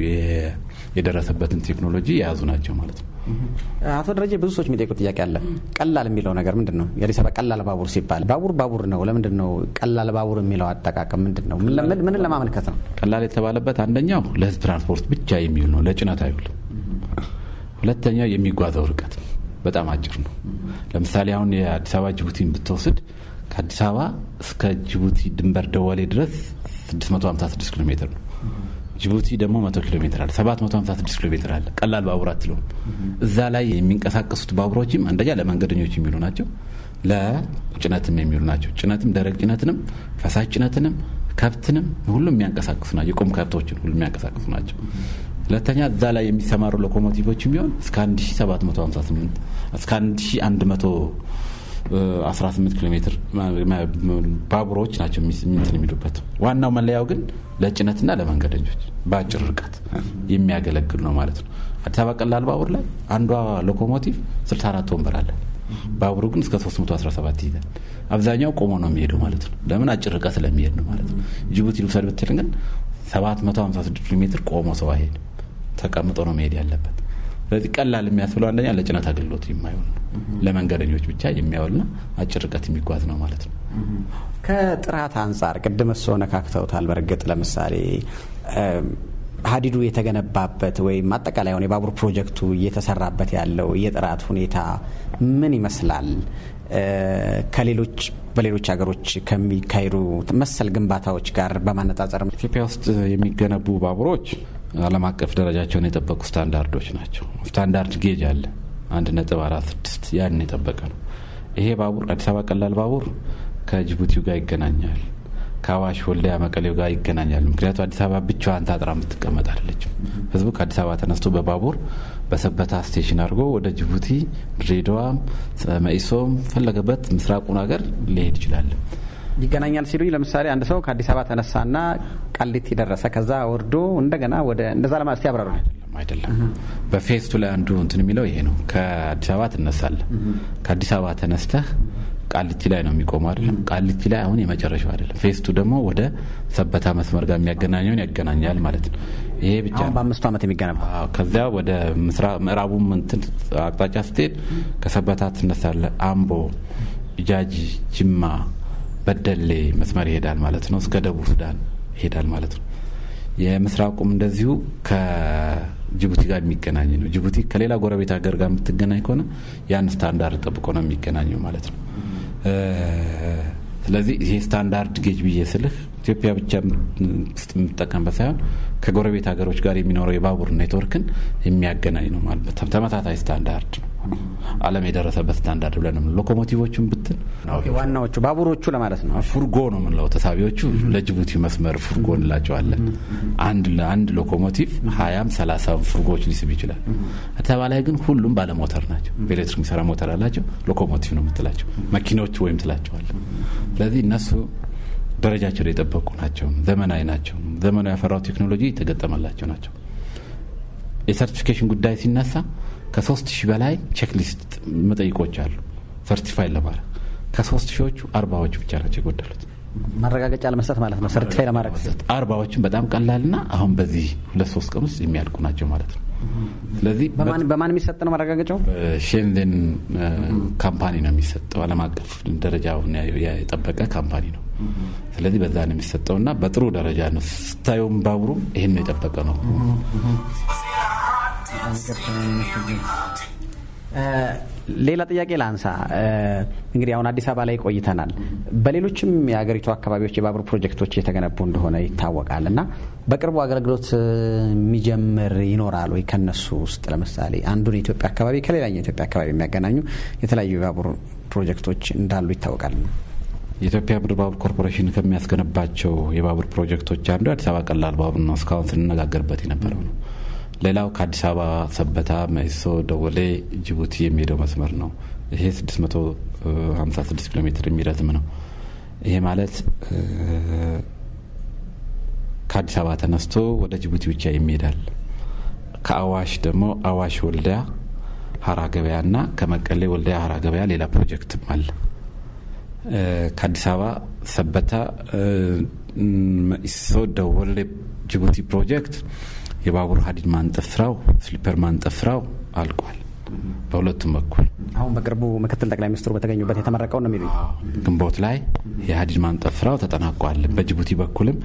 የደረሰበትን ቴክኖሎጂ የያዙ ናቸው ማለት ነው። አቶ ደረጀ ብዙ ሰዎች የሚጠይቁት ጥያቄ አለ። ቀላል የሚለው ነገር ምንድን ነው? የአዲስ አበባ ቀላል ባቡር ሲባል ባቡር ባቡር ነው። ለምንድን ነው ቀላል ባቡር የሚለው አጠቃቀም ምንድን ነው? ምንን ለማመልከት ነው? ቀላል የተባለበት አንደኛው ለህዝብ ትራንስፖርት ብቻ የሚውል ነው፣ ለጭነት አይውል። ሁለተኛው የሚጓዘው ርቀት በጣም አጭር ነው። ለምሳሌ አሁን የአዲስ አበባ ጅቡቲን ብትወስድ ከአዲስ አበባ እስከ ጅቡቲ ድንበር ደወሌ ድረስ 656 ኪሎ ሜትር ነው። ጅቡቲ ደግሞ መቶ ኪሎ ሜትር አለ፣ 756 ኪሎ ሜትር አለ። ቀላል ባቡር አትለውም። እዛ ላይ የሚንቀሳቀሱት ባቡሮችም አንደኛ ለመንገደኞች የሚሉ ናቸው፣ ለጭነትም የሚሉ ናቸው። ጭነትም ደረቅ ጭነትንም ፈሳሽ ጭነትንም ከብትንም ሁሉም የሚያንቀሳቅሱ ናቸው። የቁም ከብቶችን ሁሉ የሚያንቀሳቅሱ ናቸው። ሁለተኛ እዛ ላይ የሚሰማሩ ሎኮሞቲቮች ቢሆን እስከ 1758 እስከ 1100 18 ኪሎ ሜትር ባቡሮች ናቸው እንትን የሚሉበት። ዋናው መለያው ግን ለጭነትና ለመንገደኞች በአጭር ርቀት የሚያገለግል ነው ማለት ነው። አዲስ አበባ ቀላል ባቡር ላይ አንዷ ሎኮሞቲቭ 64 ወንበር አለ። ባቡሩ ግን እስከ 317 ይይዛል። አብዛኛው ቆሞ ነው የሚሄደው ማለት ነው። ለምን አጭር ርቀት ስለሚሄድ ነው ማለት ነው። ጅቡቲ ልውሰድ ብትል ግን 756 ኪሎ ሜትር ቆሞ ሰው አይሄድም፣ ተቀምጦ ነው መሄድ ያለበት። ስለዚህ ቀላል የሚያስብለው አንደኛ ለጭነት አገልግሎት የማይሆን ለመንገደኞች ብቻ የሚያውልና አጭር ርቀት የሚጓዝ ነው ማለት ነው። ከጥራት አንጻር ቅድም እሶ ነካክተውታል። በእርግጥ ለምሳሌ ሀዲዱ የተገነባበት ወይም አጠቃላይ ሆነ የባቡር ፕሮጀክቱ እየተሰራበት ያለው የጥራት ሁኔታ ምን ይመስላል? ከሌሎች በሌሎች ሀገሮች ከሚካሄዱ መሰል ግንባታዎች ጋር በማነጻጸር ኢትዮጵያ ውስጥ የሚገነቡ ባቡሮች ዓለም አቀፍ ደረጃቸውን የጠበቁ ስታንዳርዶች ናቸው። ስታንዳርድ ጌጅ አለ አንድ ነጥብ አራት ስድስት ያን የጠበቀ ነው። ይሄ ባቡር አዲስ አበባ ቀላል ባቡር ከጅቡቲው ጋር ይገናኛል። ከአዋሽ ወልዲያ መቀሌው ጋር ይገናኛል። ምክንያቱ አዲስ አበባ ብቻዋን ታጥራ የምትቀመጥ አይደለችም። ህዝቡ ከአዲስ አበባ ተነስቶ በባቡር በሰበታ ስቴሽን አድርጎ ወደ ጅቡቲ፣ ድሬዳዋ፣ መኢሶም ፈለገበት ምስራቁን ሀገር ሊሄድ ይችላል። ይገናኛል ሲሉኝ፣ ለምሳሌ አንድ ሰው ከአዲስ አበባ ተነሳና ቃሊቲ ደረሰ፣ ከዛ ወርዶ እንደገና ወደ እንደዛ ለማ እስቲ ያብራሩ። አይደለም በፌስቱ ቱ ላይ አንዱ እንትን የሚለው ይሄ ነው። ከአዲስ አበባ ትነሳለ። ከአዲስ አበባ ተነስተህ ቃሊቲ ላይ ነው የሚቆመው አይደለም። ቃሊቲ ላይ አሁን የመጨረሻው አይደለም። ፌስቱ ደግሞ ወደ ሰበታ መስመር ጋር የሚያገናኘውን ያገናኛል ማለት ነው። ይሄ ብቻ በአምስቱ ዓመት የሚገነባ ከዚያ ወደ ምዕራቡ እንትን አቅጣጫ ስትሄድ ከሰበታ ትነሳለ አምቦ፣ ጃጂ፣ ጅማ በደሌ መስመር ይሄዳል ማለት ነው። እስከ ደቡብ ሱዳን ይሄዳል ማለት ነው። የምስራቁም እንደዚሁ ከጅቡቲ ጋር የሚገናኝ ነው። ጅቡቲ ከሌላ ጎረቤት ሀገር ጋር የምትገናኝ ከሆነ ያን ስታንዳርድ ጠብቆ ነው የሚገናኘው ማለት ነው። ስለዚህ ይሄ ስታንዳርድ ጌጅ ብዬ ስልህ ኢትዮጵያ ብቻ ውስጥ የምትጠቀምበት ሳይሆን ከጎረቤት ሀገሮች ጋር የሚኖረው የባቡር ኔትወርክን የሚያገናኝ ነው ማለት ተመሳሳይ ስታንዳርድ ነው። ዓለም የደረሰበት ስታንዳርድ ብለን ነው። ሎኮሞቲቮቹን ብትል ዋናዎቹ ባቡሮቹ ለማለት ነው። ፉርጎ ነው የምንለው። ተሳቢዎቹ ለጅቡቲ መስመር ፉርጎ እንላቸዋለን። አንድ ሎኮሞቲቭ ሀያም ሰላሳ ፉርጎዎች ሊስብ ይችላል። አዲስ ላይ ግን ሁሉም ባለሞተር ናቸው። በኤሌክትሪክ የሚሰራ ሞተር አላቸው። ሎኮሞቲቭ ነው የምትላቸው መኪናዎች ወይም ትላቸዋለን። ስለዚህ እነሱ ደረጃቸውን የጠበቁ ናቸው። ዘመናዊ ናቸው። ዘመናዊ ያፈራው ቴክኖሎጂ የተገጠመላቸው ናቸው። የሰርቲፊኬሽን ጉዳይ ሲነሳ ከሶስት ሺህ በላይ ቼክሊስት መጠይቆች አሉ ሰርቲፋይ ለማድረግ ከሶስት ሺዎቹ አርባዎቹ ብቻ ናቸው የጎደሉት። ማረጋገጫ ለመስጠት ማለት ነው። ሰርቲፋይ ለማድረግ አርባዎችን በጣም ቀላልና አሁን በዚህ ሁለት ሶስት ቀን ውስጥ የሚያልቁ ናቸው ማለት ነው። ስለዚህ በማን የሚሰጥ ነው ማረጋገጫው? ሼንዜን ካምፓኒ ነው የሚሰጠው። ዓለም አቀፍ ደረጃውን የጠበቀ ካምፓኒ ነው። ስለዚህ በዛ ነው የሚሰጠውና በጥሩ ደረጃ ነው ስታየውም ባቡሩም ይህን የጠበቀ ነው። ሌላ ጥያቄ ላንሳ። እንግዲህ አሁን አዲስ አበባ ላይ ቆይተናል። በሌሎችም የሀገሪቱ አካባቢዎች የባቡር ፕሮጀክቶች እየተገነቡ እንደሆነ ይታወቃል እና በቅርቡ አገልግሎት የሚጀምር ይኖራል ወይ? ከነሱ ውስጥ ለምሳሌ አንዱን የኢትዮጵያ አካባቢ ከሌላኛው የኢትዮጵያ አካባቢ የሚያገናኙ የተለያዩ የባቡር ፕሮጀክቶች እንዳሉ ይታወቃል። የኢትዮጵያ ምድር ባቡር ኮርፖሬሽን ከሚያስገነባቸው የባቡር ፕሮጀክቶች አንዱ የአዲስ አበባ ቀላል ባቡር ነው። እስካሁን ስንነጋገርበት የነበረው ነው። ሌላው ከአዲስ አበባ ሰበታ፣ መኢሶ፣ ደወሌ፣ ጅቡቲ የሚሄደው መስመር ነው። ይሄ 656 ኪሎ ሜትር የሚረዝም ነው። ይሄ ማለት ከአዲስ አበባ ተነስቶ ወደ ጅቡቲ ብቻ የሚሄዳል። ከአዋሽ ደግሞ አዋሽ ወልዲያ ሀራ ገበያ እና ከመቀሌ ወልዲያ ሀራ ገበያ ሌላ ፕሮጀክትም አለ። ከአዲስ አበባ ሰበታ፣ መኢሶ፣ ደወሌ፣ ጅቡቲ ፕሮጀክት የባቡር ሀዲድ ማንጠፍራው ስሊፐር ማንጠፍራው አልቋል። በሁለቱም በኩል አሁን በቅርቡ ምክትል ጠቅላይ ሚኒስትሩ በተገኙበት የተመረቀው ነው የሚሉኝ። ግንቦት ላይ የሀዲድ ማንጠፍራው ተጠናቋል። በጅቡቲ በኩልም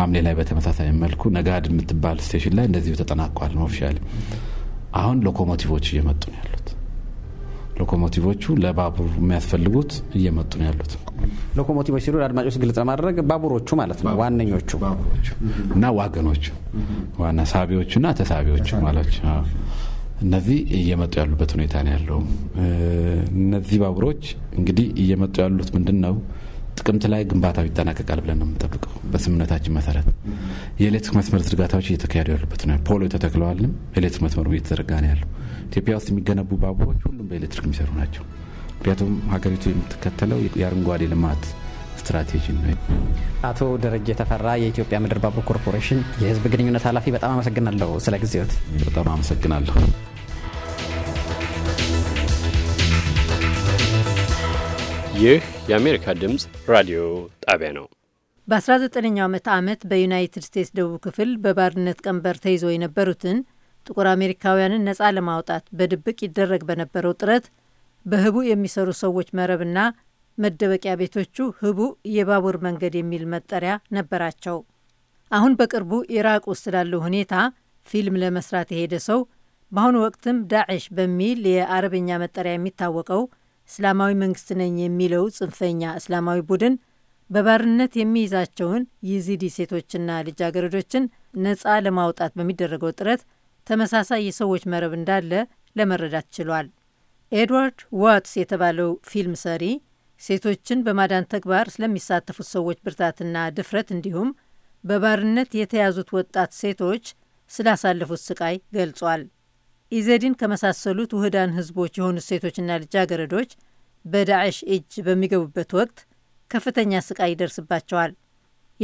ሀምሌ ላይ በተመሳሳይ መልኩ ነጋድ የምትባል ስቴሽን ላይ እንደዚሁ ተጠናቋል ነው ኦፊሻል። አሁን ሎኮሞቲቮች እየመጡ ነው ያሉት ሎኮሞቲቮቹ ለባቡር የሚያስፈልጉት እየመጡ ነው ያሉት። ሎኮሞቲቮች ሲሉ ለአድማጮች ግልጽ ለማድረግ ባቡሮቹ ማለት ነው ዋነኞቹ እና ዋገኖቹ ዋና እና ተሳቢዎቹ ማለት እነዚህ እየመጡ ያሉበት ሁኔታ ነው ያለው። እነዚህ ባቡሮች እንግዲህ እየመጡ ያሉት ምንድን ነው ጥቅምት ላይ ግንባታው ይጠናቀቃል ብለን ነው የምንጠብቀው። በስምምነታችን መሰረት የኤሌክትሪክ መስመር ዝርጋታዎች እየተካሄዱ ያሉበት ነው። ፖሎ ተተክለዋልም፣ ኤሌክትሪክ መስመሩ እየተዘረጋ ነው ያለው። ኢትዮጵያ ውስጥ የሚገነቡ ባቡሮች ሁሉም በኤሌክትሪክ የሚሰሩ ናቸው። ምክንያቱም ሀገሪቱ የምትከተለው የአረንጓዴ ልማት ስትራቴጂ ነው። አቶ ደረጀ ተፈራ የኢትዮጵያ ምድር ባቡር ኮርፖሬሽን የህዝብ ግንኙነት ኃላፊ፣ በጣም አመሰግናለሁ ስለ ጊዜዎት። በጣም አመሰግናለሁ። ይህ የአሜሪካ ድምፅ ራዲዮ ጣቢያ ነው። በ19ኛው ዓመት ዓመት በዩናይትድ ስቴትስ ደቡብ ክፍል በባርነት ቀንበር ተይዘው የነበሩትን ጥቁር አሜሪካውያንን ነፃ ለማውጣት በድብቅ ይደረግ በነበረው ጥረት በህቡ የሚሰሩ ሰዎች መረብና መደበቂያ ቤቶቹ ህቡ የባቡር መንገድ የሚል መጠሪያ ነበራቸው። አሁን በቅርቡ ኢራቅ ውስጥ ስላለው ሁኔታ ፊልም ለመስራት የሄደ ሰው በአሁኑ ወቅትም ዳዕሽ በሚል የአረብኛ መጠሪያ የሚታወቀው እስላማዊ መንግስት ነኝ የሚለው ጽንፈኛ እስላማዊ ቡድን በባርነት የሚይዛቸውን የዚዲ ሴቶችና ልጃገረዶችን ነፃ ለማውጣት በሚደረገው ጥረት ተመሳሳይ የሰዎች መረብ እንዳለ ለመረዳት ችሏል። ኤድዋርድ ዋትስ የተባለው ፊልም ሰሪ ሴቶችን በማዳን ተግባር ስለሚሳተፉት ሰዎች ብርታትና ድፍረት እንዲሁም በባርነት የተያዙት ወጣት ሴቶች ስላሳለፉት ስቃይ ገልጿል። ኢዘዲን ከመሳሰሉት ውህዳን ህዝቦች የሆኑት ሴቶችና ልጃገረዶች በዳዕሽ እጅ በሚገቡበት ወቅት ከፍተኛ ስቃይ ይደርስባቸዋል።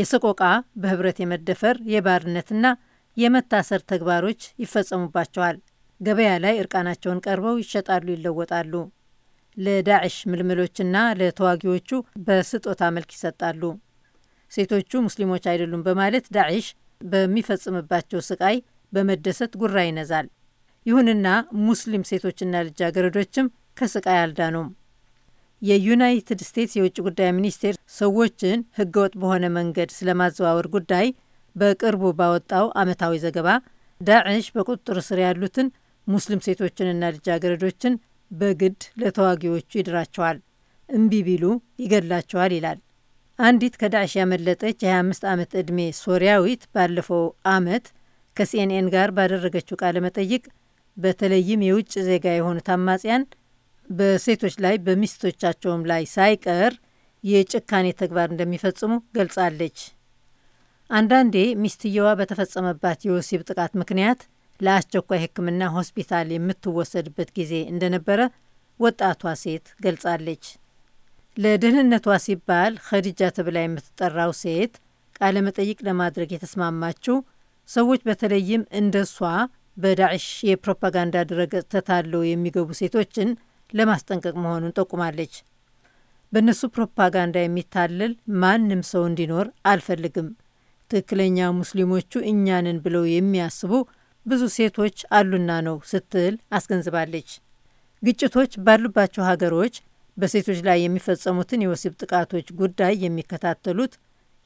የሰቆቃ፣ በህብረት የመደፈር፣ የባርነትና የመታሰር ተግባሮች ይፈጸሙባቸዋል። ገበያ ላይ እርቃናቸውን ቀርበው ይሸጣሉ፣ ይለወጣሉ። ለዳዕሽ ምልምሎችና ለተዋጊዎቹ በስጦታ መልክ ይሰጣሉ። ሴቶቹ ሙስሊሞች አይደሉም በማለት ዳዕሽ በሚፈጽምባቸው ስቃይ በመደሰት ጉራ ይነዛል። ይሁንና ሙስሊም ሴቶችና ልጃገረዶችም ከስቃይ አልዳኑም። የዩናይትድ ስቴትስ የውጭ ጉዳይ ሚኒስቴር ሰዎችን ህገወጥ በሆነ መንገድ ስለማዘዋወር ጉዳይ በቅርቡ ባወጣው ዓመታዊ ዘገባ ዳዕሽ በቁጥጥር ስር ያሉትን ሙስሊም ሴቶችንና ልጃገረዶችን በግድ ለተዋጊዎቹ ይድራቸዋል፣ እምቢ ቢሉ ይገድላቸዋል ይላል። አንዲት ከዳዕሽ ያመለጠች የ25 ዓመት ዕድሜ ሶሪያዊት ባለፈው ዓመት ከሲኤንኤን ጋር ባደረገችው ቃለ መጠይቅ በተለይም የውጭ ዜጋ የሆኑት አማጽያን በሴቶች ላይ በሚስቶቻቸውም ላይ ሳይቀር የጭካኔ ተግባር እንደሚፈጽሙ ገልጻለች። አንዳንዴ ሚስትየዋ በተፈጸመባት የወሲብ ጥቃት ምክንያት ለአስቸኳይ ሕክምና ሆስፒታል የምትወሰድበት ጊዜ እንደነበረ ወጣቷ ሴት ገልጻለች። ለደህንነቷ ሲባል ኸዲጃ ተብላ የምትጠራው ሴት ቃለ መጠይቅ ለማድረግ የተስማማችው ሰዎች በተለይም እንደሷ በዳዕሽ የፕሮፓጋንዳ ድረገጽ ተታለው የሚገቡ ሴቶችን ለማስጠንቀቅ መሆኑን ጠቁማለች። በእነሱ ፕሮፓጋንዳ የሚታለል ማንም ሰው እንዲኖር አልፈልግም። ትክክለኛ ሙስሊሞቹ እኛንን ብለው የሚያስቡ ብዙ ሴቶች አሉና ነው ስትል አስገንዝባለች። ግጭቶች ባሉባቸው ሀገሮች በሴቶች ላይ የሚፈጸሙትን የወሲብ ጥቃቶች ጉዳይ የሚከታተሉት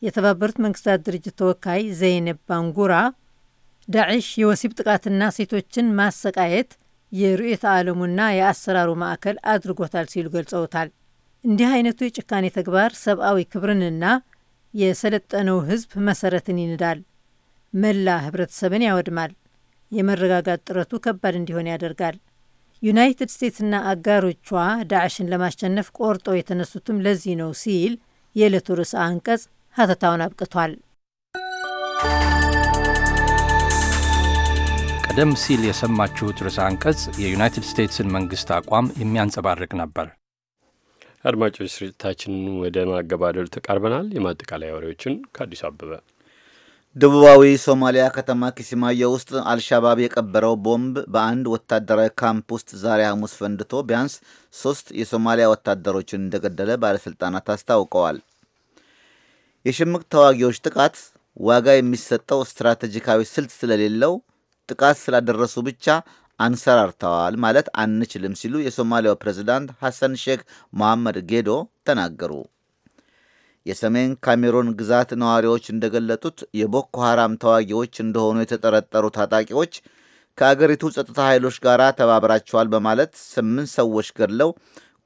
የተባበሩት መንግስታት ድርጅት ተወካይ ዘይነብ ባንጉራ ዳዕሽ የወሲብ ጥቃትና ሴቶችን ማሰቃየት የርዕዮተ ዓለሙና የአሰራሩ ማዕከል አድርጎታል ሲሉ ገልጸውታል። እንዲህ አይነቱ የጭካኔ ተግባር ሰብአዊ ክብርንና የሰለጠነው ሕዝብ መሰረትን ይንዳል፣ መላ ህብረተሰብን ያወድማል፣ የመረጋጋት ጥረቱ ከባድ እንዲሆን ያደርጋል። ዩናይትድ ስቴትስና አጋሮቿ ዳዕሽን ለማሸነፍ ቆርጦ የተነሱትም ለዚህ ነው ሲል የዕለቱ ርዕሰ አንቀጽ ሀተታውን አብቅቷል። ቀደም ሲል የሰማችሁት ርዕሰ አንቀጽ የዩናይትድ ስቴትስን መንግስት አቋም የሚያንጸባርቅ ነበር። አድማጮች፣ ስርጭታችንን ወደ ማገባደሉ ተቃርበናል። የማጠቃለያ ወሬዎችን ከአዲስ አበበ ደቡባዊ ሶማሊያ ከተማ ኪሲማዮ ውስጥ አልሻባብ የቀበረው ቦምብ በአንድ ወታደራዊ ካምፕ ውስጥ ዛሬ ሐሙስ ፈንድቶ ቢያንስ ሶስት የሶማሊያ ወታደሮችን እንደገደለ ባለሥልጣናት አስታውቀዋል። የሽምቅ ተዋጊዎች ጥቃት ዋጋ የሚሰጠው ስትራቴጂካዊ ስልት ስለሌለው ጥቃት ስላደረሱ ብቻ አንሰራርተዋል ማለት አንችልም ሲሉ የሶማሊያው ፕሬዚዳንት ሐሰን ሼክ መሐመድ ጌዶ ተናገሩ። የሰሜን ካሜሩን ግዛት ነዋሪዎች እንደገለጡት የቦኮ ሐራም ተዋጊዎች እንደሆኑ የተጠረጠሩ ታጣቂዎች ከአገሪቱ ጸጥታ ኃይሎች ጋር ተባብራቸዋል በማለት ስምንት ሰዎች ገድለው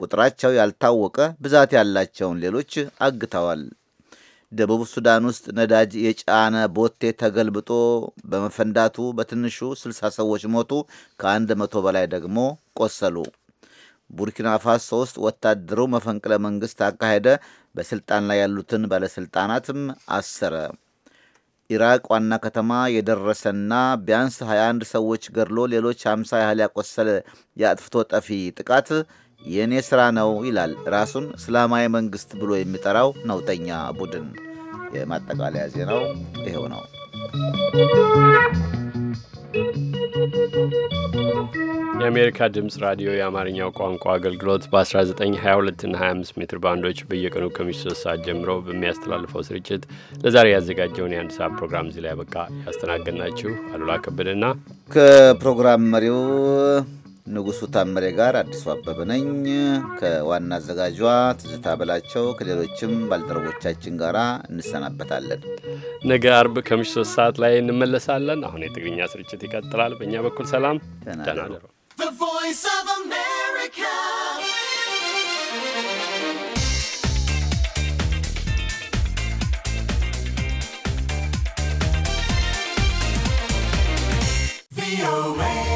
ቁጥራቸው ያልታወቀ ብዛት ያላቸውን ሌሎች አግተዋል። ደቡብ ሱዳን ውስጥ ነዳጅ የጫነ ቦቴ ተገልብጦ በመፈንዳቱ በትንሹ 60 ሰዎች ሞቱ፣ ከአንድ መቶ በላይ ደግሞ ቆሰሉ። ቡርኪና ፋሶ ውስጥ ወታደሩ መፈንቅለ መንግስት አካሄደ፣ በስልጣን ላይ ያሉትን ባለስልጣናትም አሰረ። ኢራቅ ዋና ከተማ የደረሰና ቢያንስ 21 ሰዎች ገድሎ ሌሎች 50 ያህል ያቆሰለ የአጥፍቶ ጠፊ ጥቃት የእኔ ሥራ ነው ይላል ራሱን እስላማዊ መንግሥት ብሎ የሚጠራው ነውጠኛ ቡድን። የማጠቃለያ ዜናው ይኸው ነው። የአሜሪካ ድምፅ ራዲዮ የአማርኛው ቋንቋ አገልግሎት በ1922 እና 25 ሜትር ባንዶች በየቀኑ ከምሽቱ 3 ሰዓት ጀምሮ በሚያስተላልፈው ስርጭት ለዛሬ ያዘጋጀውን የአንድ ሰዓት ፕሮግራም እዚህ ላይ ያበቃ። ያስተናገድናችሁ አሉላ ከበደና ከፕሮግራም መሪው ንጉሱ ታምሬ ጋር አዲሱ አበበ ነኝ ከዋና አዘጋጇ ትዝታ በላቸው ከሌሎችም ባልደረቦቻችን ጋር እንሰናበታለን። ነገ አርብ ከምሽቱ ሶስት ሰዓት ላይ እንመለሳለን። አሁን የትግርኛ ስርጭት ይቀጥላል። በእኛ በኩል ሰላም ደናደሩ The